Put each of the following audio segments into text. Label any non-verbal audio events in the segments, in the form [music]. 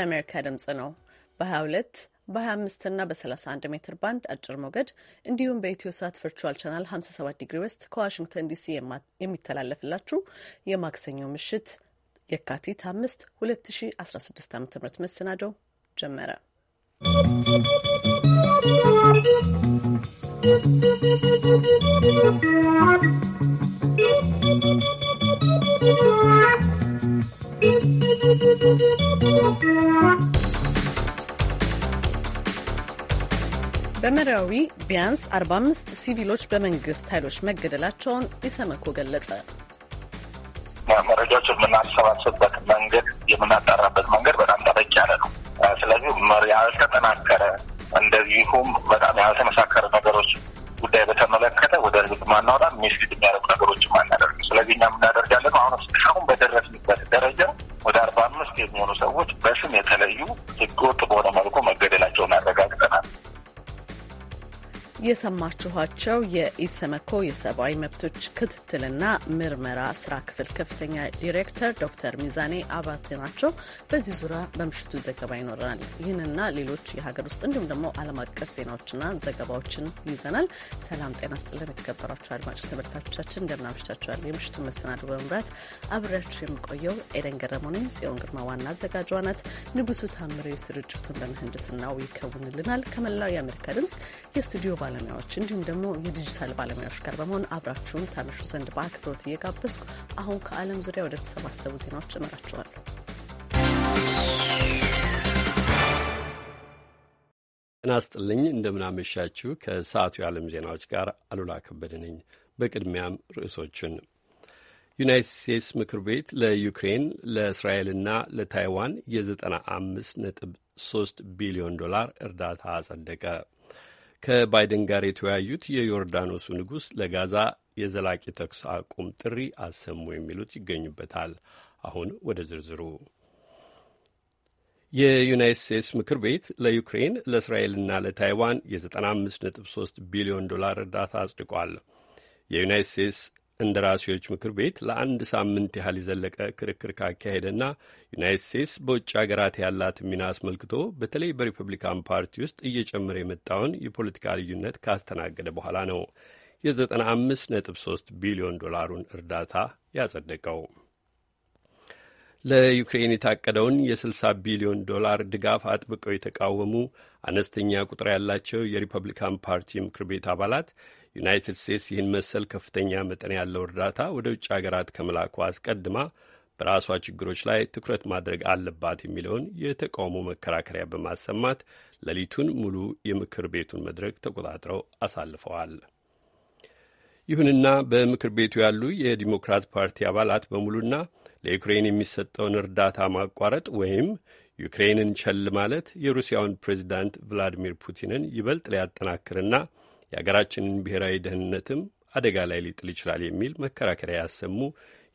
የአሜሪካ ድምጽ ነው። በ22 በ25 እና በ31 ሜትር ባንድ አጭር ሞገድ እንዲሁም በኢትዮ ሳት ቨርቹዋል ቻናል 57 ዲግሪ ዌስት ከዋሽንግተን ዲሲ የሚተላለፍላችሁ የማክሰኞ ምሽት የካቲት 5 2016 ዓ ም መሰናደው ጀመረ። ¶¶ በመራዊ ቢያንስ 45 ሲቪሎች በመንግስት ኃይሎች መገደላቸውን ኢሰመኮ ገለጸ። መረጃዎች የምናሰባሰብበት መንገድ፣ የምናጣራበት መንገድ በጣም ጠበቅ ያለ ነው። ስለዚህ ያልተጠናከረ እንደዚሁም በጣም ያልተመሳከረ ነገሮች ጉዳይ በተመለከተ ወደ ህዝብ ማናወጣ ሚስሊድ የሚያደርጉ ነገሮች ማናደርግ ስለዚህ እኛ የምናደርጋለን አሁን እስካሁን በደረስንበት ደረጃ የሚሆኑ ሰዎች በስም የተለዩ ህገወጥ በሆነ መልኩ መገደላቸውን አረጋግጠናል። የሰማችኋቸው የኢሰመኮ የሰብአዊ መብቶች ክትትልና ምርመራ ስራ ክፍል ከፍተኛ ዲሬክተር ዶክተር ሚዛኔ አባቴ ናቸው። በዚህ ዙሪያ በምሽቱ ዘገባ ይኖረናል። ይህንና ሌሎች የሀገር ውስጥ እንዲሁም ደግሞ ዓለም አቀፍ ዜናዎችና ዘገባዎችን ይዘናል። ሰላም ጤና ስጥልን። የተከበራችሁ አድማጭ ተመልካቾቻችን እንደምናመሽታችኋል። የምሽቱን መሰናዶ በመምራት አብሬያችሁ የምቆየው ኤደን ገረሞንን፣ ጽዮን ግርማ ዋና አዘጋጇ ናት። ንጉሱ ታምሬ ስርጭቱን በምህንድስናው ይከውንልናል። ከመላው የአሜሪካ ድምጽ የስቱዲዮ ባ ባለሙያዎች እንዲሁም ደግሞ የዲጂታል ባለሙያዎች ጋር በመሆን አብራችሁን ታመሹ ዘንድ በአክብሮት እየጋበዝኩ አሁን ከዓለም ዙሪያ ወደ ተሰባሰቡ ዜናዎች እመራችኋለሁ። ጤና ይስጥልኝ እንደምናመሻችሁ። ከሰዓቱ የዓለም ዜናዎች ጋር አሉላ ከበደ ነኝ። በቅድሚያም ርዕሶቹን ዩናይትድ ስቴትስ ምክር ቤት ለዩክሬን ለእስራኤልና ለታይዋን የ95 ነጥብ ቢሊዮን ዶላር እርዳታ አጸደቀ። ከባይደን ጋር የተወያዩት የዮርዳኖሱ ንጉሥ ለጋዛ የዘላቂ ተኩስ አቁም ጥሪ አሰሙ የሚሉት ይገኙበታል። አሁን ወደ ዝርዝሩ የዩናይት ስቴትስ ምክር ቤት ለዩክሬን ለእስራኤልና ለታይዋን የ95.3 ቢሊዮን ዶላር እርዳታ አጽድቋል። የዩናይት ስቴትስ እንደራሴዎች ምክር ቤት ለአንድ ሳምንት ያህል የዘለቀ ክርክር ካካሄደና ዩናይትድ ስቴትስ በውጭ ሀገራት ያላትን ሚና አስመልክቶ በተለይ በሪፐብሊካን ፓርቲ ውስጥ እየጨመረ የመጣውን የፖለቲካ ልዩነት ካስተናገደ በኋላ ነው የ95.3 ቢሊዮን ዶላሩን እርዳታ ያጸደቀው። ለዩክሬን የታቀደውን የ60 ቢሊዮን ዶላር ድጋፍ አጥብቀው የተቃወሙ አነስተኛ ቁጥር ያላቸው የሪፐብሊካን ፓርቲ ምክር ቤት አባላት ዩናይትድ ስቴትስ ይህን መሰል ከፍተኛ መጠን ያለው እርዳታ ወደ ውጭ ሀገራት ከመላኩ አስቀድማ በራሷ ችግሮች ላይ ትኩረት ማድረግ አለባት የሚለውን የተቃውሞ መከራከሪያ በማሰማት ሌሊቱን ሙሉ የምክር ቤቱን መድረክ ተቆጣጥረው አሳልፈዋል። ይሁንና በምክር ቤቱ ያሉ የዲሞክራት ፓርቲ አባላት በሙሉና ለዩክሬን የሚሰጠውን እርዳታ ማቋረጥ ወይም ዩክሬንን ቸል ማለት የሩሲያውን ፕሬዚዳንት ቭላዲሚር ፑቲንን ይበልጥ ሊያጠናክርና የአገራችንን ብሔራዊ ደህንነትም አደጋ ላይ ሊጥል ይችላል የሚል መከራከሪያ ያሰሙ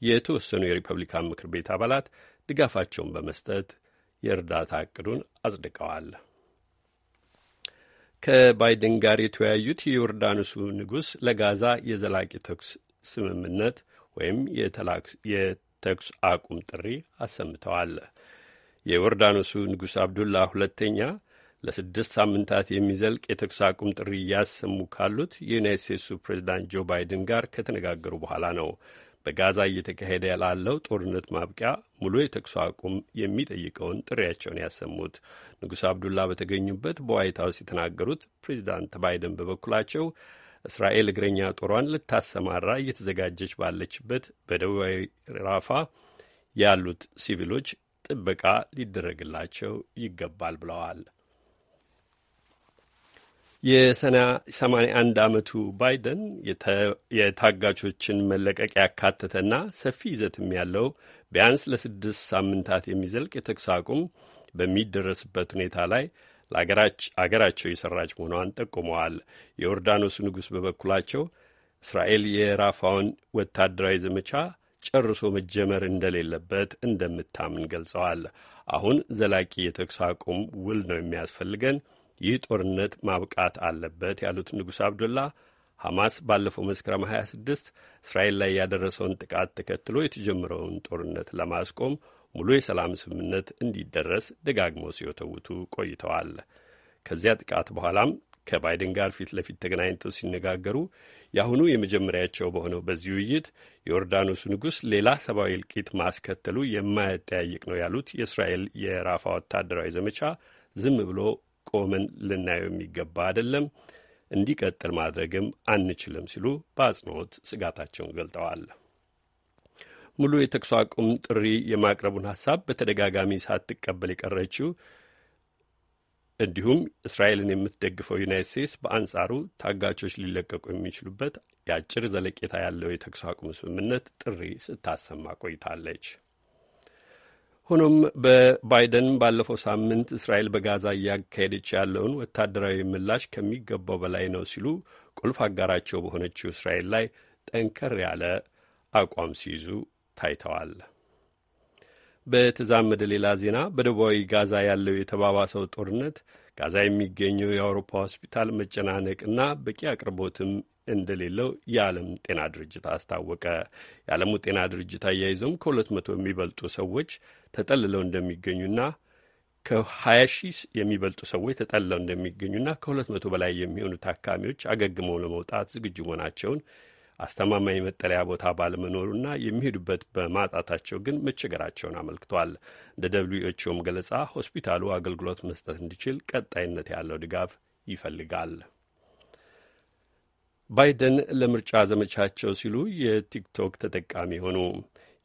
የተወሰኑ የሪፐብሊካን ምክር ቤት አባላት ድጋፋቸውን በመስጠት የእርዳታ እቅዱን አጽድቀዋል። ከባይደን ጋር የተወያዩት የዮርዳኖሱ ንጉሥ ለጋዛ የዘላቂ ተኩስ ስምምነት ወይም የተኩስ አቁም ጥሪ አሰምተዋል። የዮርዳኖሱ ንጉሥ አብዱላ ሁለተኛ ለስድስት ሳምንታት የሚዘልቅ የተኩስ አቁም ጥሪ እያሰሙ ካሉት የዩናይት ስቴትሱ ፕሬዚዳንት ጆ ባይደን ጋር ከተነጋገሩ በኋላ ነው። በጋዛ እየተካሄደ ላለው ጦርነት ማብቂያ ሙሉ የተኩስ አቁም የሚጠይቀውን ጥሪያቸውን ያሰሙት ንጉሥ አብዱላ በተገኙበት በዋይት ሀውስ የተናገሩት ፕሬዚዳንት ባይደን በበኩላቸው እስራኤል እግረኛ ጦሯን ልታሰማራ እየተዘጋጀች ባለችበት በደቡባዊ ራፋ ያሉት ሲቪሎች ጥበቃ ሊደረግላቸው ይገባል ብለዋል። የ81 ዓመቱ ባይደን የታጋቾችን መለቀቅ ያካተተና ሰፊ ይዘትም ያለው ቢያንስ ለስድስት ሳምንታት የሚዘልቅ የተኩስ አቁም በሚደረስበት ሁኔታ ላይ አገራቸው የሰራች መሆኗን ጠቁመዋል። የዮርዳኖስ ንጉሥ በበኩላቸው እስራኤል የራፋውን ወታደራዊ ዘመቻ ጨርሶ መጀመር እንደሌለበት እንደምታምን ገልጸዋል። አሁን ዘላቂ የተኩስ አቁም ውል ነው የሚያስፈልገን ይህ ጦርነት ማብቃት አለበት ያሉት ንጉሥ አብዶላ ሐማስ ባለፈው መስከረም 26 እስራኤል ላይ ያደረሰውን ጥቃት ተከትሎ የተጀመረውን ጦርነት ለማስቆም ሙሉ የሰላም ስምምነት እንዲደረስ ደጋግመው ሲወተውቱ ቆይተዋል። ከዚያ ጥቃት በኋላም ከባይደን ጋር ፊት ለፊት ተገናኝተው ሲነጋገሩ የአሁኑ የመጀመሪያቸው በሆነው በዚህ ውይይት የዮርዳኖሱ ንጉሥ ሌላ ሰብአዊ እልቂት ማስከተሉ የማያጠያይቅ ነው ያሉት የእስራኤል የራፋ ወታደራዊ ዘመቻ ዝም ብሎ ቆመን ልናየው የሚገባ አይደለም፣ እንዲቀጥል ማድረግም አንችልም ሲሉ በአጽንኦት ስጋታቸውን ገልጠዋል። ሙሉ የተኩስ አቁም ጥሪ የማቅረቡን ሀሳብ በተደጋጋሚ ሳትቀበል የቀረችው እንዲሁም እስራኤልን የምትደግፈው ዩናይት ስቴትስ በአንጻሩ ታጋቾች ሊለቀቁ የሚችሉበት የአጭር ዘለቄታ ያለው የተኩስ አቁም ስምምነት ጥሪ ስታሰማ ቆይታለች። ሆኖም በባይደን ባለፈው ሳምንት እስራኤል በጋዛ እያካሄደች ያለውን ወታደራዊ ምላሽ ከሚገባው በላይ ነው ሲሉ ቁልፍ አጋራቸው በሆነችው እስራኤል ላይ ጠንከር ያለ አቋም ሲይዙ ታይተዋል። በተዛመደ ሌላ ዜና በደቡባዊ ጋዛ ያለው የተባባሰው ጦርነት ጋዛ የሚገኘው የአውሮፓ ሆስፒታል መጨናነቅና በቂ አቅርቦትም እንደሌለው የዓለም ጤና ድርጅት አስታወቀ። የዓለሙ ጤና ድርጅት አያይዞም ከሁለት መቶ የሚበልጡ ሰዎች ተጠልለው እንደሚገኙና ከ20 ሺህ የሚበልጡ ሰዎች ተጠልለው እንደሚገኙና ከሁለት መቶ በላይ የሚሆኑ ታካሚዎች አገግመው ለመውጣት ዝግጁ መሆናቸውን አስተማማኝ መጠለያ ቦታ ባለመኖሩና የሚሄዱበት በማጣታቸው ግን መቸገራቸውን አመልክቷል። እንደ ደብሊው ኤች ኦም ገለጻ ሆስፒታሉ አገልግሎት መስጠት እንዲችል ቀጣይነት ያለው ድጋፍ ይፈልጋል። ባይደን ለምርጫ ዘመቻቸው ሲሉ የቲክቶክ ተጠቃሚ ሆኑ።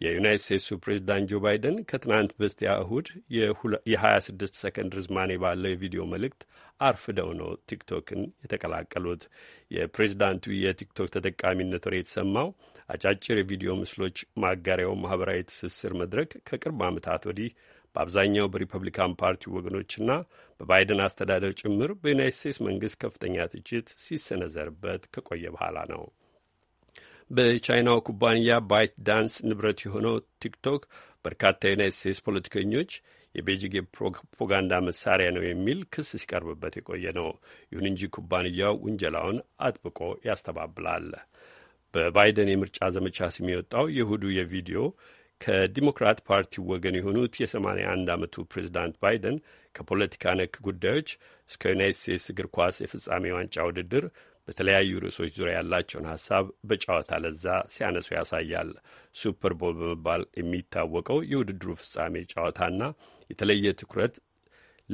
የዩናይት ስቴትሱ ፕሬዚዳንት ጆ ባይደን ከትናንት በስቲያ እሁድ የ26 ሰከንድ ርዝማኔ ባለው የቪዲዮ መልእክት አርፍደው ነው ቲክቶክን የተቀላቀሉት። የፕሬዚዳንቱ የቲክቶክ ተጠቃሚነት ወሬ የተሰማው አጫጭር የቪዲዮ ምስሎች ማጋሪያው ማኅበራዊ ትስስር መድረክ ከቅርብ ዓመታት ወዲህ በአብዛኛው በሪፐብሊካን ፓርቲ ወገኖችና በባይደን አስተዳደር ጭምር በዩናይት ስቴትስ መንግስት ከፍተኛ ትችት ሲሰነዘርበት ከቆየ በኋላ ነው። በቻይናው ኩባንያ ባይት ዳንስ ንብረት የሆነው ቲክቶክ በርካታ የዩናይት ስቴትስ ፖለቲከኞች የቤጂግ የፕሮፓጋንዳ መሳሪያ ነው የሚል ክስ ሲቀርብበት የቆየ ነው። ይሁን እንጂ ኩባንያው ውንጀላውን አጥብቆ ያስተባብላል። በባይደን የምርጫ ዘመቻ ስም የወጣው የእሁዱ የቪዲዮ ከዲሞክራት ፓርቲ ወገን የሆኑት የ81 ዓመቱ ፕሬዚዳንት ባይደን ከፖለቲካ ነክ ጉዳዮች እስከ ዩናይት ስቴትስ እግር ኳስ የፍጻሜ ዋንጫ ውድድር በተለያዩ ርዕሶች ዙሪያ ያላቸውን ሀሳብ በጨዋታ ለዛ ሲያነሱ ያሳያል። ሱፐር ቦል በመባል የሚታወቀው የውድድሩ ፍጻሜ ጨዋታና የተለየ ትኩረት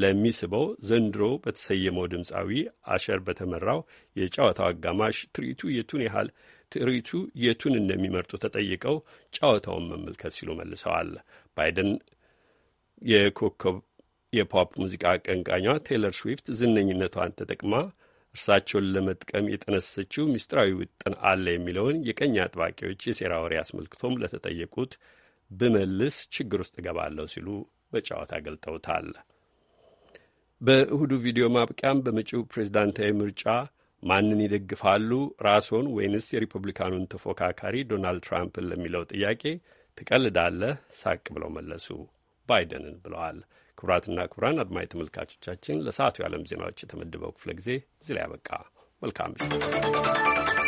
ለሚስበው ዘንድሮ በተሰየመው ድምፃዊ አሸር በተመራው የጨዋታው አጋማሽ ትርኢቱ የቱን ያህል ትርኢቱ የቱን እንደሚመርጡ ተጠይቀው ጨዋታውን መመልከት ሲሉ መልሰዋል። ባይደን የኮከብ የፖፕ ሙዚቃ አቀንቃኟ ቴይለር ስዊፍት ዝነኝነቷን ተጠቅማ እርሳቸውን ለመጥቀም የጠነሰችው ምስጢራዊ ውጥን አለ የሚለውን የቀኝ አጥባቂዎች የሴራ ወሬ አስመልክቶም ለተጠየቁት ብመልስ ችግር ውስጥ እገባለሁ ሲሉ በጨዋታ ገልጠውታል። በእሁዱ ቪዲዮ ማብቂያም በመጪው ፕሬዝዳንታዊ ምርጫ ማንን ይደግፋሉ? ራስዎን ወይንስ የሪፐብሊካኑን ተፎካካሪ ዶናልድ ትራምፕን ለሚለው ጥያቄ ትቀልዳለህ? ሳቅ ብለው መለሱ። ባይደንን ብለዋል። ክቡራትና ክቡራን አድማጭ ተመልካቾቻችን ለሰዓቱ የዓለም ዜናዎች የተመደበው ክፍለ ጊዜ እዚህ ላይ ያበቃ። መልካም ምሽት።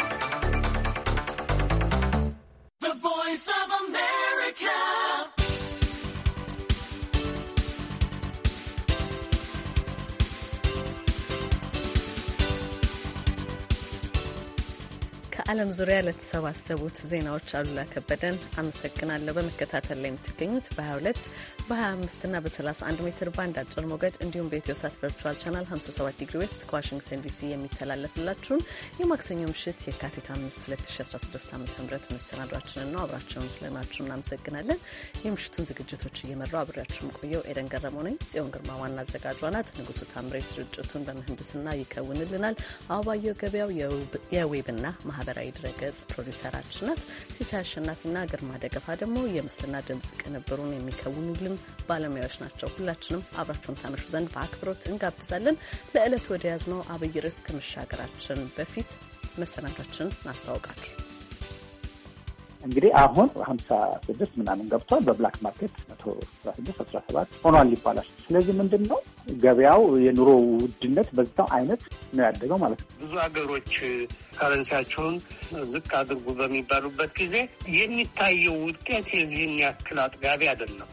ከዓለም ዙሪያ ለተሰባሰቡት ዜናዎች አሉላ ከበደን አመሰግናለሁ። በመከታተል ላይ የምትገኙት በ22 በ25 እና በ31 ሜትር ባንድ አጭር ሞገድ እንዲሁም በኢትዮ ሳት ቨርቹዋል ቻናል 57 ዲግሪ ዌስት ከዋሽንግተን ዲሲ የሚተላለፍላችሁን የማክሰኞ ምሽት የካቲት 5 2016 ዓ ም መሰናዷችንን ነው። አብራቸውን ስለናችሁ እናመሰግናለን። የምሽቱን ዝግጅቶች እየመራው አብሬያችሁም ቆየው ኤደን ገረመው ነኝ። ጽዮን ግርማ ዋና አዘጋጇ ናት። ንጉሱ ታምሬ ስርጭቱን በምህንድስና ይከውንልናል። አበባየሁ ገበያው የዌብና ማህበራዊ ድረገጽ ፕሮዲውሰራችን ናት። ሲሳይ አሸናፊና ግርማ ደገፋ ደግሞ የምስልና ድምጽ ቅንብሩን የሚከውኑልን ባለሙያዎች ናቸው። ሁላችንም አብራችሁን ታመሹ ዘንድ በአክብሮት እንጋብዛለን። ለዕለት ወደ ያዝነው አብይ ርዕስ ከመሻገራችን በፊት መሰናዷችንን እናስታውቃችሁ። እንግዲህ አሁን ሀምሳ ስድስት ምናምን ገብቷል። በብላክ ማርኬት መቶ አስራ ስድስት አስራ ሰባት ሆኗል ይባላል። ስለዚህ ምንድን ነው ገበያው የኑሮ ውድነት በዛው አይነት ነው ያደገው ማለት ነው። ብዙ ሀገሮች ካረንሲያቸውን ዝቅ አድርጉ በሚባሉበት ጊዜ የሚታየው ውጤት የዚህን ያክል አጥጋቢ አይደለም።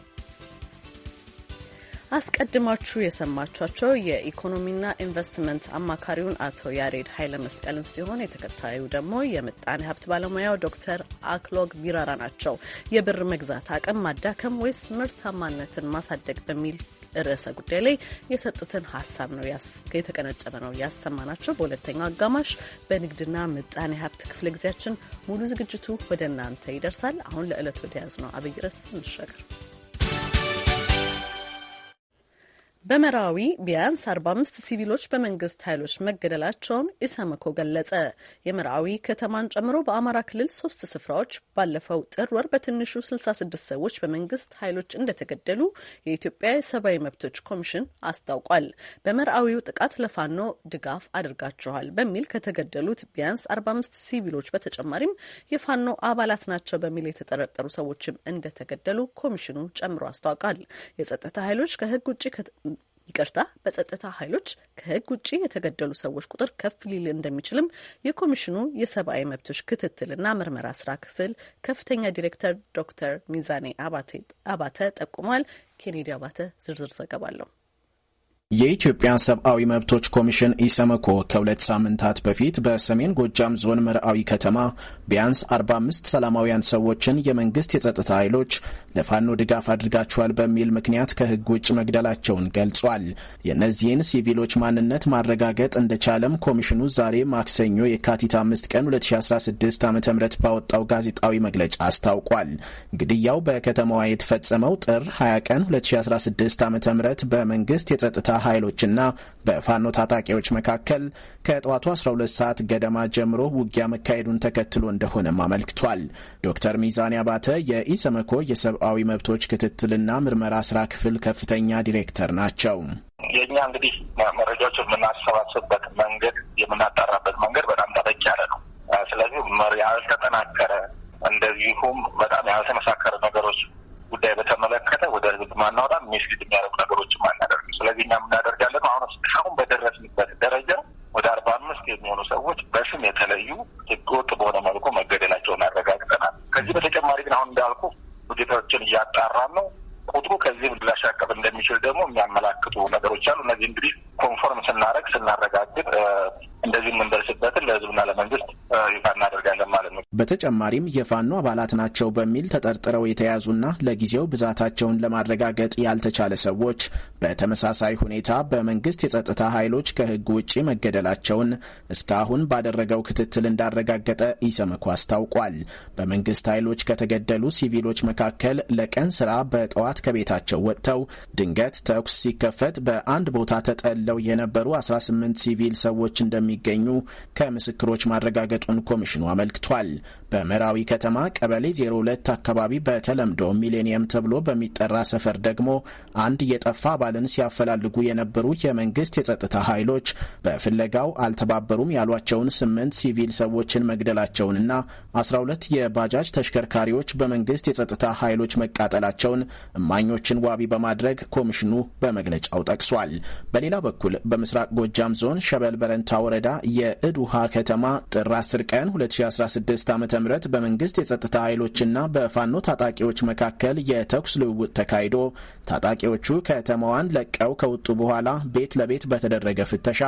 አስቀድማችሁ የሰማችኋቸው የኢኮኖሚና ኢንቨስትመንት አማካሪውን አቶ ያሬድ ኃይለ መስቀልን ሲሆን የተከታዩ ደግሞ የምጣኔ ሀብት ባለሙያው ዶክተር አክሎግ ቢራራ ናቸው። የብር መግዛት አቅም ማዳከም ወይስ ምርታማነትን ማሳደግ በሚል ርዕሰ ጉዳይ ላይ የሰጡትን ሀሳብ ነው የተቀነጨበ ነው ያሰማ ናቸው። በሁለተኛው አጋማሽ በንግድና ምጣኔ ሀብት ክፍለ ጊዜያችን ሙሉ ዝግጅቱ ወደ እናንተ ይደርሳል። አሁን ለዕለት ወደ ያዝ ነው አብይ ርዕስ እንሻገር። በመራዊ ቢያንስ 45 ሲቪሎች በመንግስት ኃይሎች መገደላቸውን ኢሰመኮ ገለጸ። የመራዊ ከተማን ጨምሮ በአማራ ክልል ሶስት ስፍራዎች ባለፈው ጥር ወር በትንሹ 66 ሰዎች በመንግስት ኃይሎች እንደተገደሉ የኢትዮጵያ የሰብአዊ መብቶች ኮሚሽን አስታውቋል። በመራዊው ጥቃት ለፋኖ ድጋፍ አድርጋችኋል በሚል ከተገደሉት ቢያንስ 45 ሲቪሎች በተጨማሪም የፋኖ አባላት ናቸው በሚል የተጠረጠሩ ሰዎችም እንደተገደሉ ኮሚሽኑ ጨምሮ አስታውቋል። የጸጥታ ኃይሎች ከህግ ውጭ ይቅርታ በጸጥታ ኃይሎች ከህግ ውጭ የተገደሉ ሰዎች ቁጥር ከፍ ሊል እንደሚችልም የኮሚሽኑ የሰብአዊ መብቶች ክትትልና ምርመራ ስራ ክፍል ከፍተኛ ዲሬክተር ዶክተር ሚዛኔ አባተ ጠቁሟል። ኬኔዲ አባተ ዝርዝር ዘገባ አለው። የኢትዮጵያ ሰብአዊ መብቶች ኮሚሽን ኢሰመኮ ከሁለት ሳምንታት በፊት በሰሜን ጎጃም ዞን መርአዊ ከተማ ቢያንስ 45 ሰላማውያን ሰዎችን የመንግስት የጸጥታ ኃይሎች ለፋኖ ድጋፍ አድርጋቸዋል በሚል ምክንያት ከህግ ውጭ መግደላቸውን ገልጿል። የእነዚህን ሲቪሎች ማንነት ማረጋገጥ እንደቻለም ኮሚሽኑ ዛሬ ማክሰኞ የካቲት 5 ቀን 2016 ዓ ም ባወጣው ጋዜጣዊ መግለጫ አስታውቋል። ግድያው በከተማዋ የተፈጸመው ጥር 20 ቀን 2016 ዓ ም በመንግስት የጸጥታ ኃይሎችና በፋኖ ታጣቂዎች መካከል ከጠዋቱ 12 ሰዓት ገደማ ጀምሮ ውጊያ መካሄዱን ተከትሎ እንደሆነም አመልክቷል። ዶክተር ሚዛኔ አባተ የኢሰመኮ የሰብአዊ መብቶች ክትትልና ምርመራ ስራ ክፍል ከፍተኛ ዲሬክተር ናቸው። የእኛ እንግዲህ መረጃዎች የምናሰባስብበት መንገድ፣ የምናጣራበት መንገድ በጣም ጠበቅ ያለ ነው። ስለዚህ ያልተጠናከረ እንደዚሁም በጣም ያልተመሳከረ ነገሮች ጉዳይ በተመለከተ ወደ ህዝብ ማናወጣ ሚስሊት የሚያደርጉ ነገሮች አናደርግም። ስለዚህ እኛ የምናደርጋለን አሁን አሁን በደረስንበት ደረጃ ወደ አርባ አምስት የሚሆኑ ሰዎች በስም የተለዩ ህገወጥ በሆነ መልኩ መገደላቸውን አረጋግጠናል። ከዚህ በተጨማሪ ግን አሁን እንዳልኩ ውጤቶችን እያጣራን ነው። ቁጥሩ ከዚህም ሊያሻቅብ እንደሚችል ደግሞ የሚያመላክቱ ነገሮች አሉ። እነዚህ እንግዲህ ኮንፎርም ስናረግ ስናረጋግጥ እንደዚህ የምንደርስበትን ለህዝብና ለመንግስት ይፋ እናደርጋለን ማለት ነው። በተጨማሪም የፋኖ አባላት ናቸው በሚል ተጠርጥረው የተያዙና ለጊዜው ብዛታቸውን ለማረጋገጥ ያልተቻለ ሰዎች በተመሳሳይ ሁኔታ በመንግስት የጸጥታ ኃይሎች ከህግ ውጭ መገደላቸውን እስካሁን ባደረገው ክትትል እንዳረጋገጠ ኢሰመኮ አስታውቋል። በመንግስት ኃይሎች ከተገደሉ ሲቪሎች መካከል ለቀን ስራ በጠዋት ከቤታቸው ወጥተው ድንገት ተኩስ ሲከፈት በአንድ ቦታ ተጠለው የነበሩ 18 ሲቪል ሰዎች እንደሚገኙ ከምስክሮች ማረጋገጡን ኮሚሽኑ አመልክቷል። በመራዊ ከተማ ቀበሌ 02 አካባቢ በተለምዶ ሚሌኒየም ተብሎ በሚጠራ ሰፈር ደግሞ አንድ የጠፋ አባልን ሲያፈላልጉ የነበሩ የመንግስት የጸጥታ ኃይሎች በፍለጋው አልተባበሩም ያሏቸውን ስምንት ሲቪል ሰዎችን መግደላቸውንና 12 የባጃጅ ተሽከርካሪዎች በመንግስት የጸጥታ ኃይሎች መቃጠላቸውን እማ ማኞችን ዋቢ በማድረግ ኮሚሽኑ በመግለጫው ጠቅሷል። በሌላ በኩል በምስራቅ ጎጃም ዞን ሸበል በረንታ ወረዳ የእድ ውሃ ከተማ ጥር 10 ቀን 2016 ዓ ም በመንግስት የጸጥታ ኃይሎችና በፋኖ ታጣቂዎች መካከል የተኩስ ልውውጥ ተካሂዶ ታጣቂዎቹ ከተማዋን ለቀው ከወጡ በኋላ ቤት ለቤት በተደረገ ፍተሻ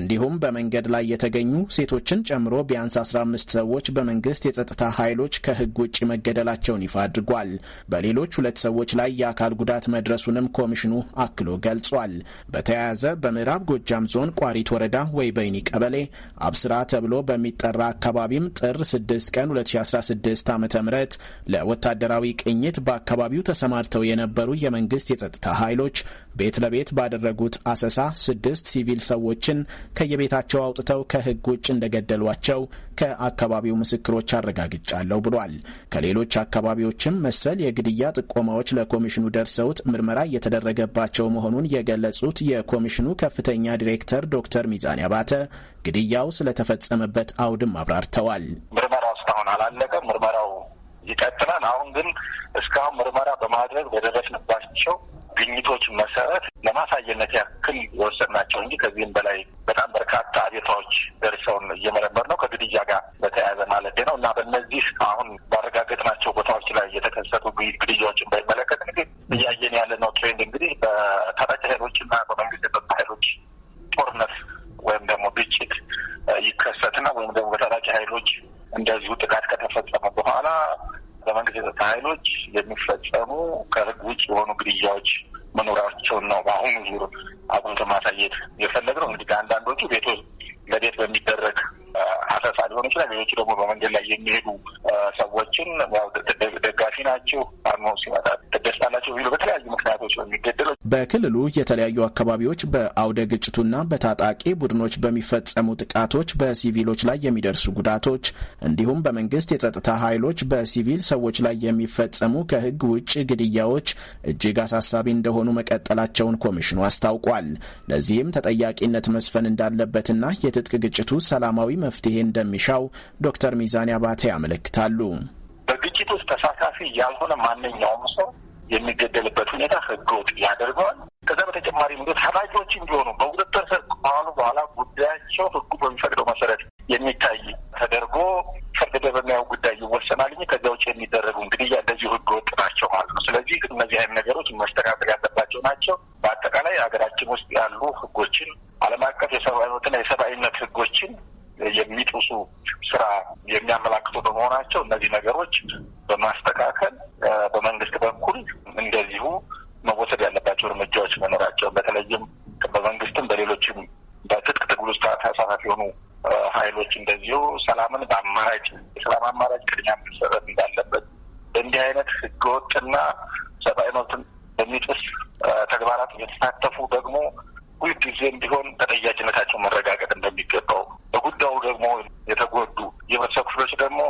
እንዲሁም በመንገድ ላይ የተገኙ ሴቶችን ጨምሮ ቢያንስ 15 ሰዎች በመንግስት የጸጥታ ኃይሎች ከህግ ውጭ መገደላቸውን ይፋ አድርጓል። በሌሎች ሁለት ሰዎች ላይ ያ የአካል ጉዳት መድረሱንም ኮሚሽኑ አክሎ ገልጿል። በተያያዘ በምዕራብ ጎጃም ዞን ቋሪት ወረዳ በይኒ ቀበሌ አብስራ ተብሎ በሚጠራ አካባቢም ጥር 6 ቀን 2016 ዓ ም ለወታደራዊ ቅኝት በአካባቢው ተሰማርተው የነበሩ የመንግስት የጸጥታ ኃይሎች ቤት ለቤት ባደረጉት አሰሳ ስድስት ሲቪል ሰዎችን ከየቤታቸው አውጥተው ከህግ ውጭ እንደገደሏቸው ከአካባቢው ምስክሮች አረጋግጫለሁ ብሏል። ከሌሎች አካባቢዎችም መሰል የግድያ ጥቆማዎች ለኮሚሽኑ ኮሚሽኑ ደርሰውት ምርመራ እየተደረገባቸው መሆኑን የገለጹት የኮሚሽኑ ከፍተኛ ዲሬክተር ዶክተር ሚዛኔ አባተ ግድያው ስለተፈጸመበት አውድም አብራርተዋል። ምርመራው እስካሁን አላለቀ፣ ምርመራው ይቀጥላል። አሁን ግን እስካሁን ምርመራ በማድረግ በደረስንባቸው ግኝቶች መሰረት ለማሳየነት ያክል ናቸው እንጂ ከዚህም በላይ በጣም በርካታ አቤታዎች ደርሰውን እየመረመር ነው ከግድያ ጋር በተያያዘ ማለት ነው እና በእነዚህ አሁን ባረጋገጥናቸው ቦታዎች ላይ የተከሰቱ ግድያዎችን በይመለከት እያየን ያለ ነው። ትሬንድ እንግዲህ በታጣቂ ኃይሎች እና በመንግስት የጸጥታ ኃይሎች ጦርነት ወይም ደግሞ ግጭት ይከሰትና ወይም ደግሞ በታጣቂ ኃይሎች እንደዚሁ ጥቃት ከተፈጸመ በኋላ በመንግስት የጸጥታ ኃይሎች የሚፈጸሙ ከህግ ውጭ የሆኑ ግድያዎች መኖራቸውን ነው በአሁኑ ዙር አጉልቶ ማሳየት የፈለግነው። እንግዲህ አንዳንዶቹ ቤቶ ለቤት በሚደረግ አሰሳ ሊሆን ይችላል። ሌሎቹ ደግሞ በመንገድ ላይ የሚሄዱ ሰዎችን ደጋፊ ናቸው አርሞ ሲመጣ የሚገደለው። በክልሉ የተለያዩ አካባቢዎች በአውደ ግጭቱና በታጣቂ ቡድኖች በሚፈጸሙ ጥቃቶች በሲቪሎች ላይ የሚደርሱ ጉዳቶች እንዲሁም በመንግስት የጸጥታ ኃይሎች በሲቪል ሰዎች ላይ የሚፈጸሙ ከህግ ውጭ ግድያዎች እጅግ አሳሳቢ እንደሆኑ መቀጠላቸውን ኮሚሽኑ አስታውቋል። ለዚህም ተጠያቂነት መስፈን እንዳለበትና የትጥቅ ግጭቱ ሰላማዊ መፍትሄ እንደሚሻው ዶክተር ሚዛኔ አባቴ ያመለክታሉ። በግጭት ውስጥ ተሳታፊ ያልሆነ ማንኛውም ሰው የሚገደልበት ሁኔታ ህገወጥ ያደርገዋል። ከዛ በተጨማሪ ምዶ ተራጆች እንዲሆኑ በቁጥጥር ስር ከዋሉ በኋላ ጉዳያቸው ህጉ በሚፈቅደው መሰረት የሚታይ ተደርጎ ፍርድ ቤት ጉዳይ ይወሰናል እንጂ ከዚያ ውጭ የሚደረጉ እንግዲህ እንደዚሁ ህገወጥ ናቸው ማለት ነው። ስለዚህ እነዚህ አይነት ነገሮች መስተካከል ያለባቸው ናቸው። በአጠቃላይ ሀገራችን ውስጥ ያሉ ህጎችን ዓለም አቀፍ የሰብአዊነትና የሰብአዊነት ህጎችን የሚጥሱ ስራ የሚያመላክቱ በመሆናቸው እነዚህ ነገሮች በማስተካከል በመንግስት በኩል እንደዚሁ መወሰድ ያለባቸው እርምጃዎች መኖራቸው በተለይም በመንግስትም በሌሎችም በትጥቅ ትግል ውስጥ ተሳታፊ የሆኑ ኃይሎች እንደዚሁ ሰላምን በአማራጭ የሰላም አማራጭ ቅድሚያ መሰረት እንዳለበት እንዲህ አይነት ህገወጥና ሰብአዊ መብትን በሚጥስ ተግባራት እየተሳተፉ ደግሞ ሁል ሁልጊዜም ቢሆን ተጠያቂነታቸው መረጋገጥ እንደሚገባው በጉዳዩ ደግሞ የተጎዱ የህብረተሰብ ክፍሎች ደግሞ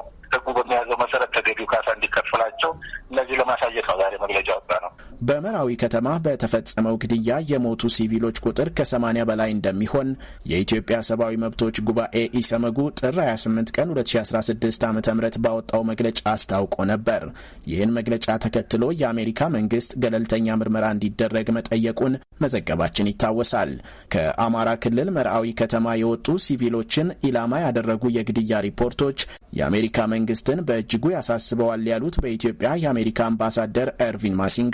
በመራዊ ከተማ በተፈጸመው ግድያ የሞቱ ሲቪሎች ቁጥር ከ80 በላይ እንደሚሆን የኢትዮጵያ ሰብአዊ መብቶች ጉባኤ ኢሰመጉ ጥር 28 ቀን 2016 ዓ ም ባወጣው መግለጫ አስታውቆ ነበር። ይህን መግለጫ ተከትሎ የአሜሪካ መንግስት ገለልተኛ ምርመራ እንዲደረግ መጠየቁን መዘገባችን ይታወሳል። ከአማራ ክልል መርአዊ ከተማ የወጡ ሲቪሎችን ኢላማ ያደረጉ የግድያ ሪፖርቶች የአሜሪካ መንግስትን በእጅጉ ያሳስበዋል ያሉት በኢትዮጵያ የአሜሪካ አምባሳደር ኤርቪን ማሲንጋ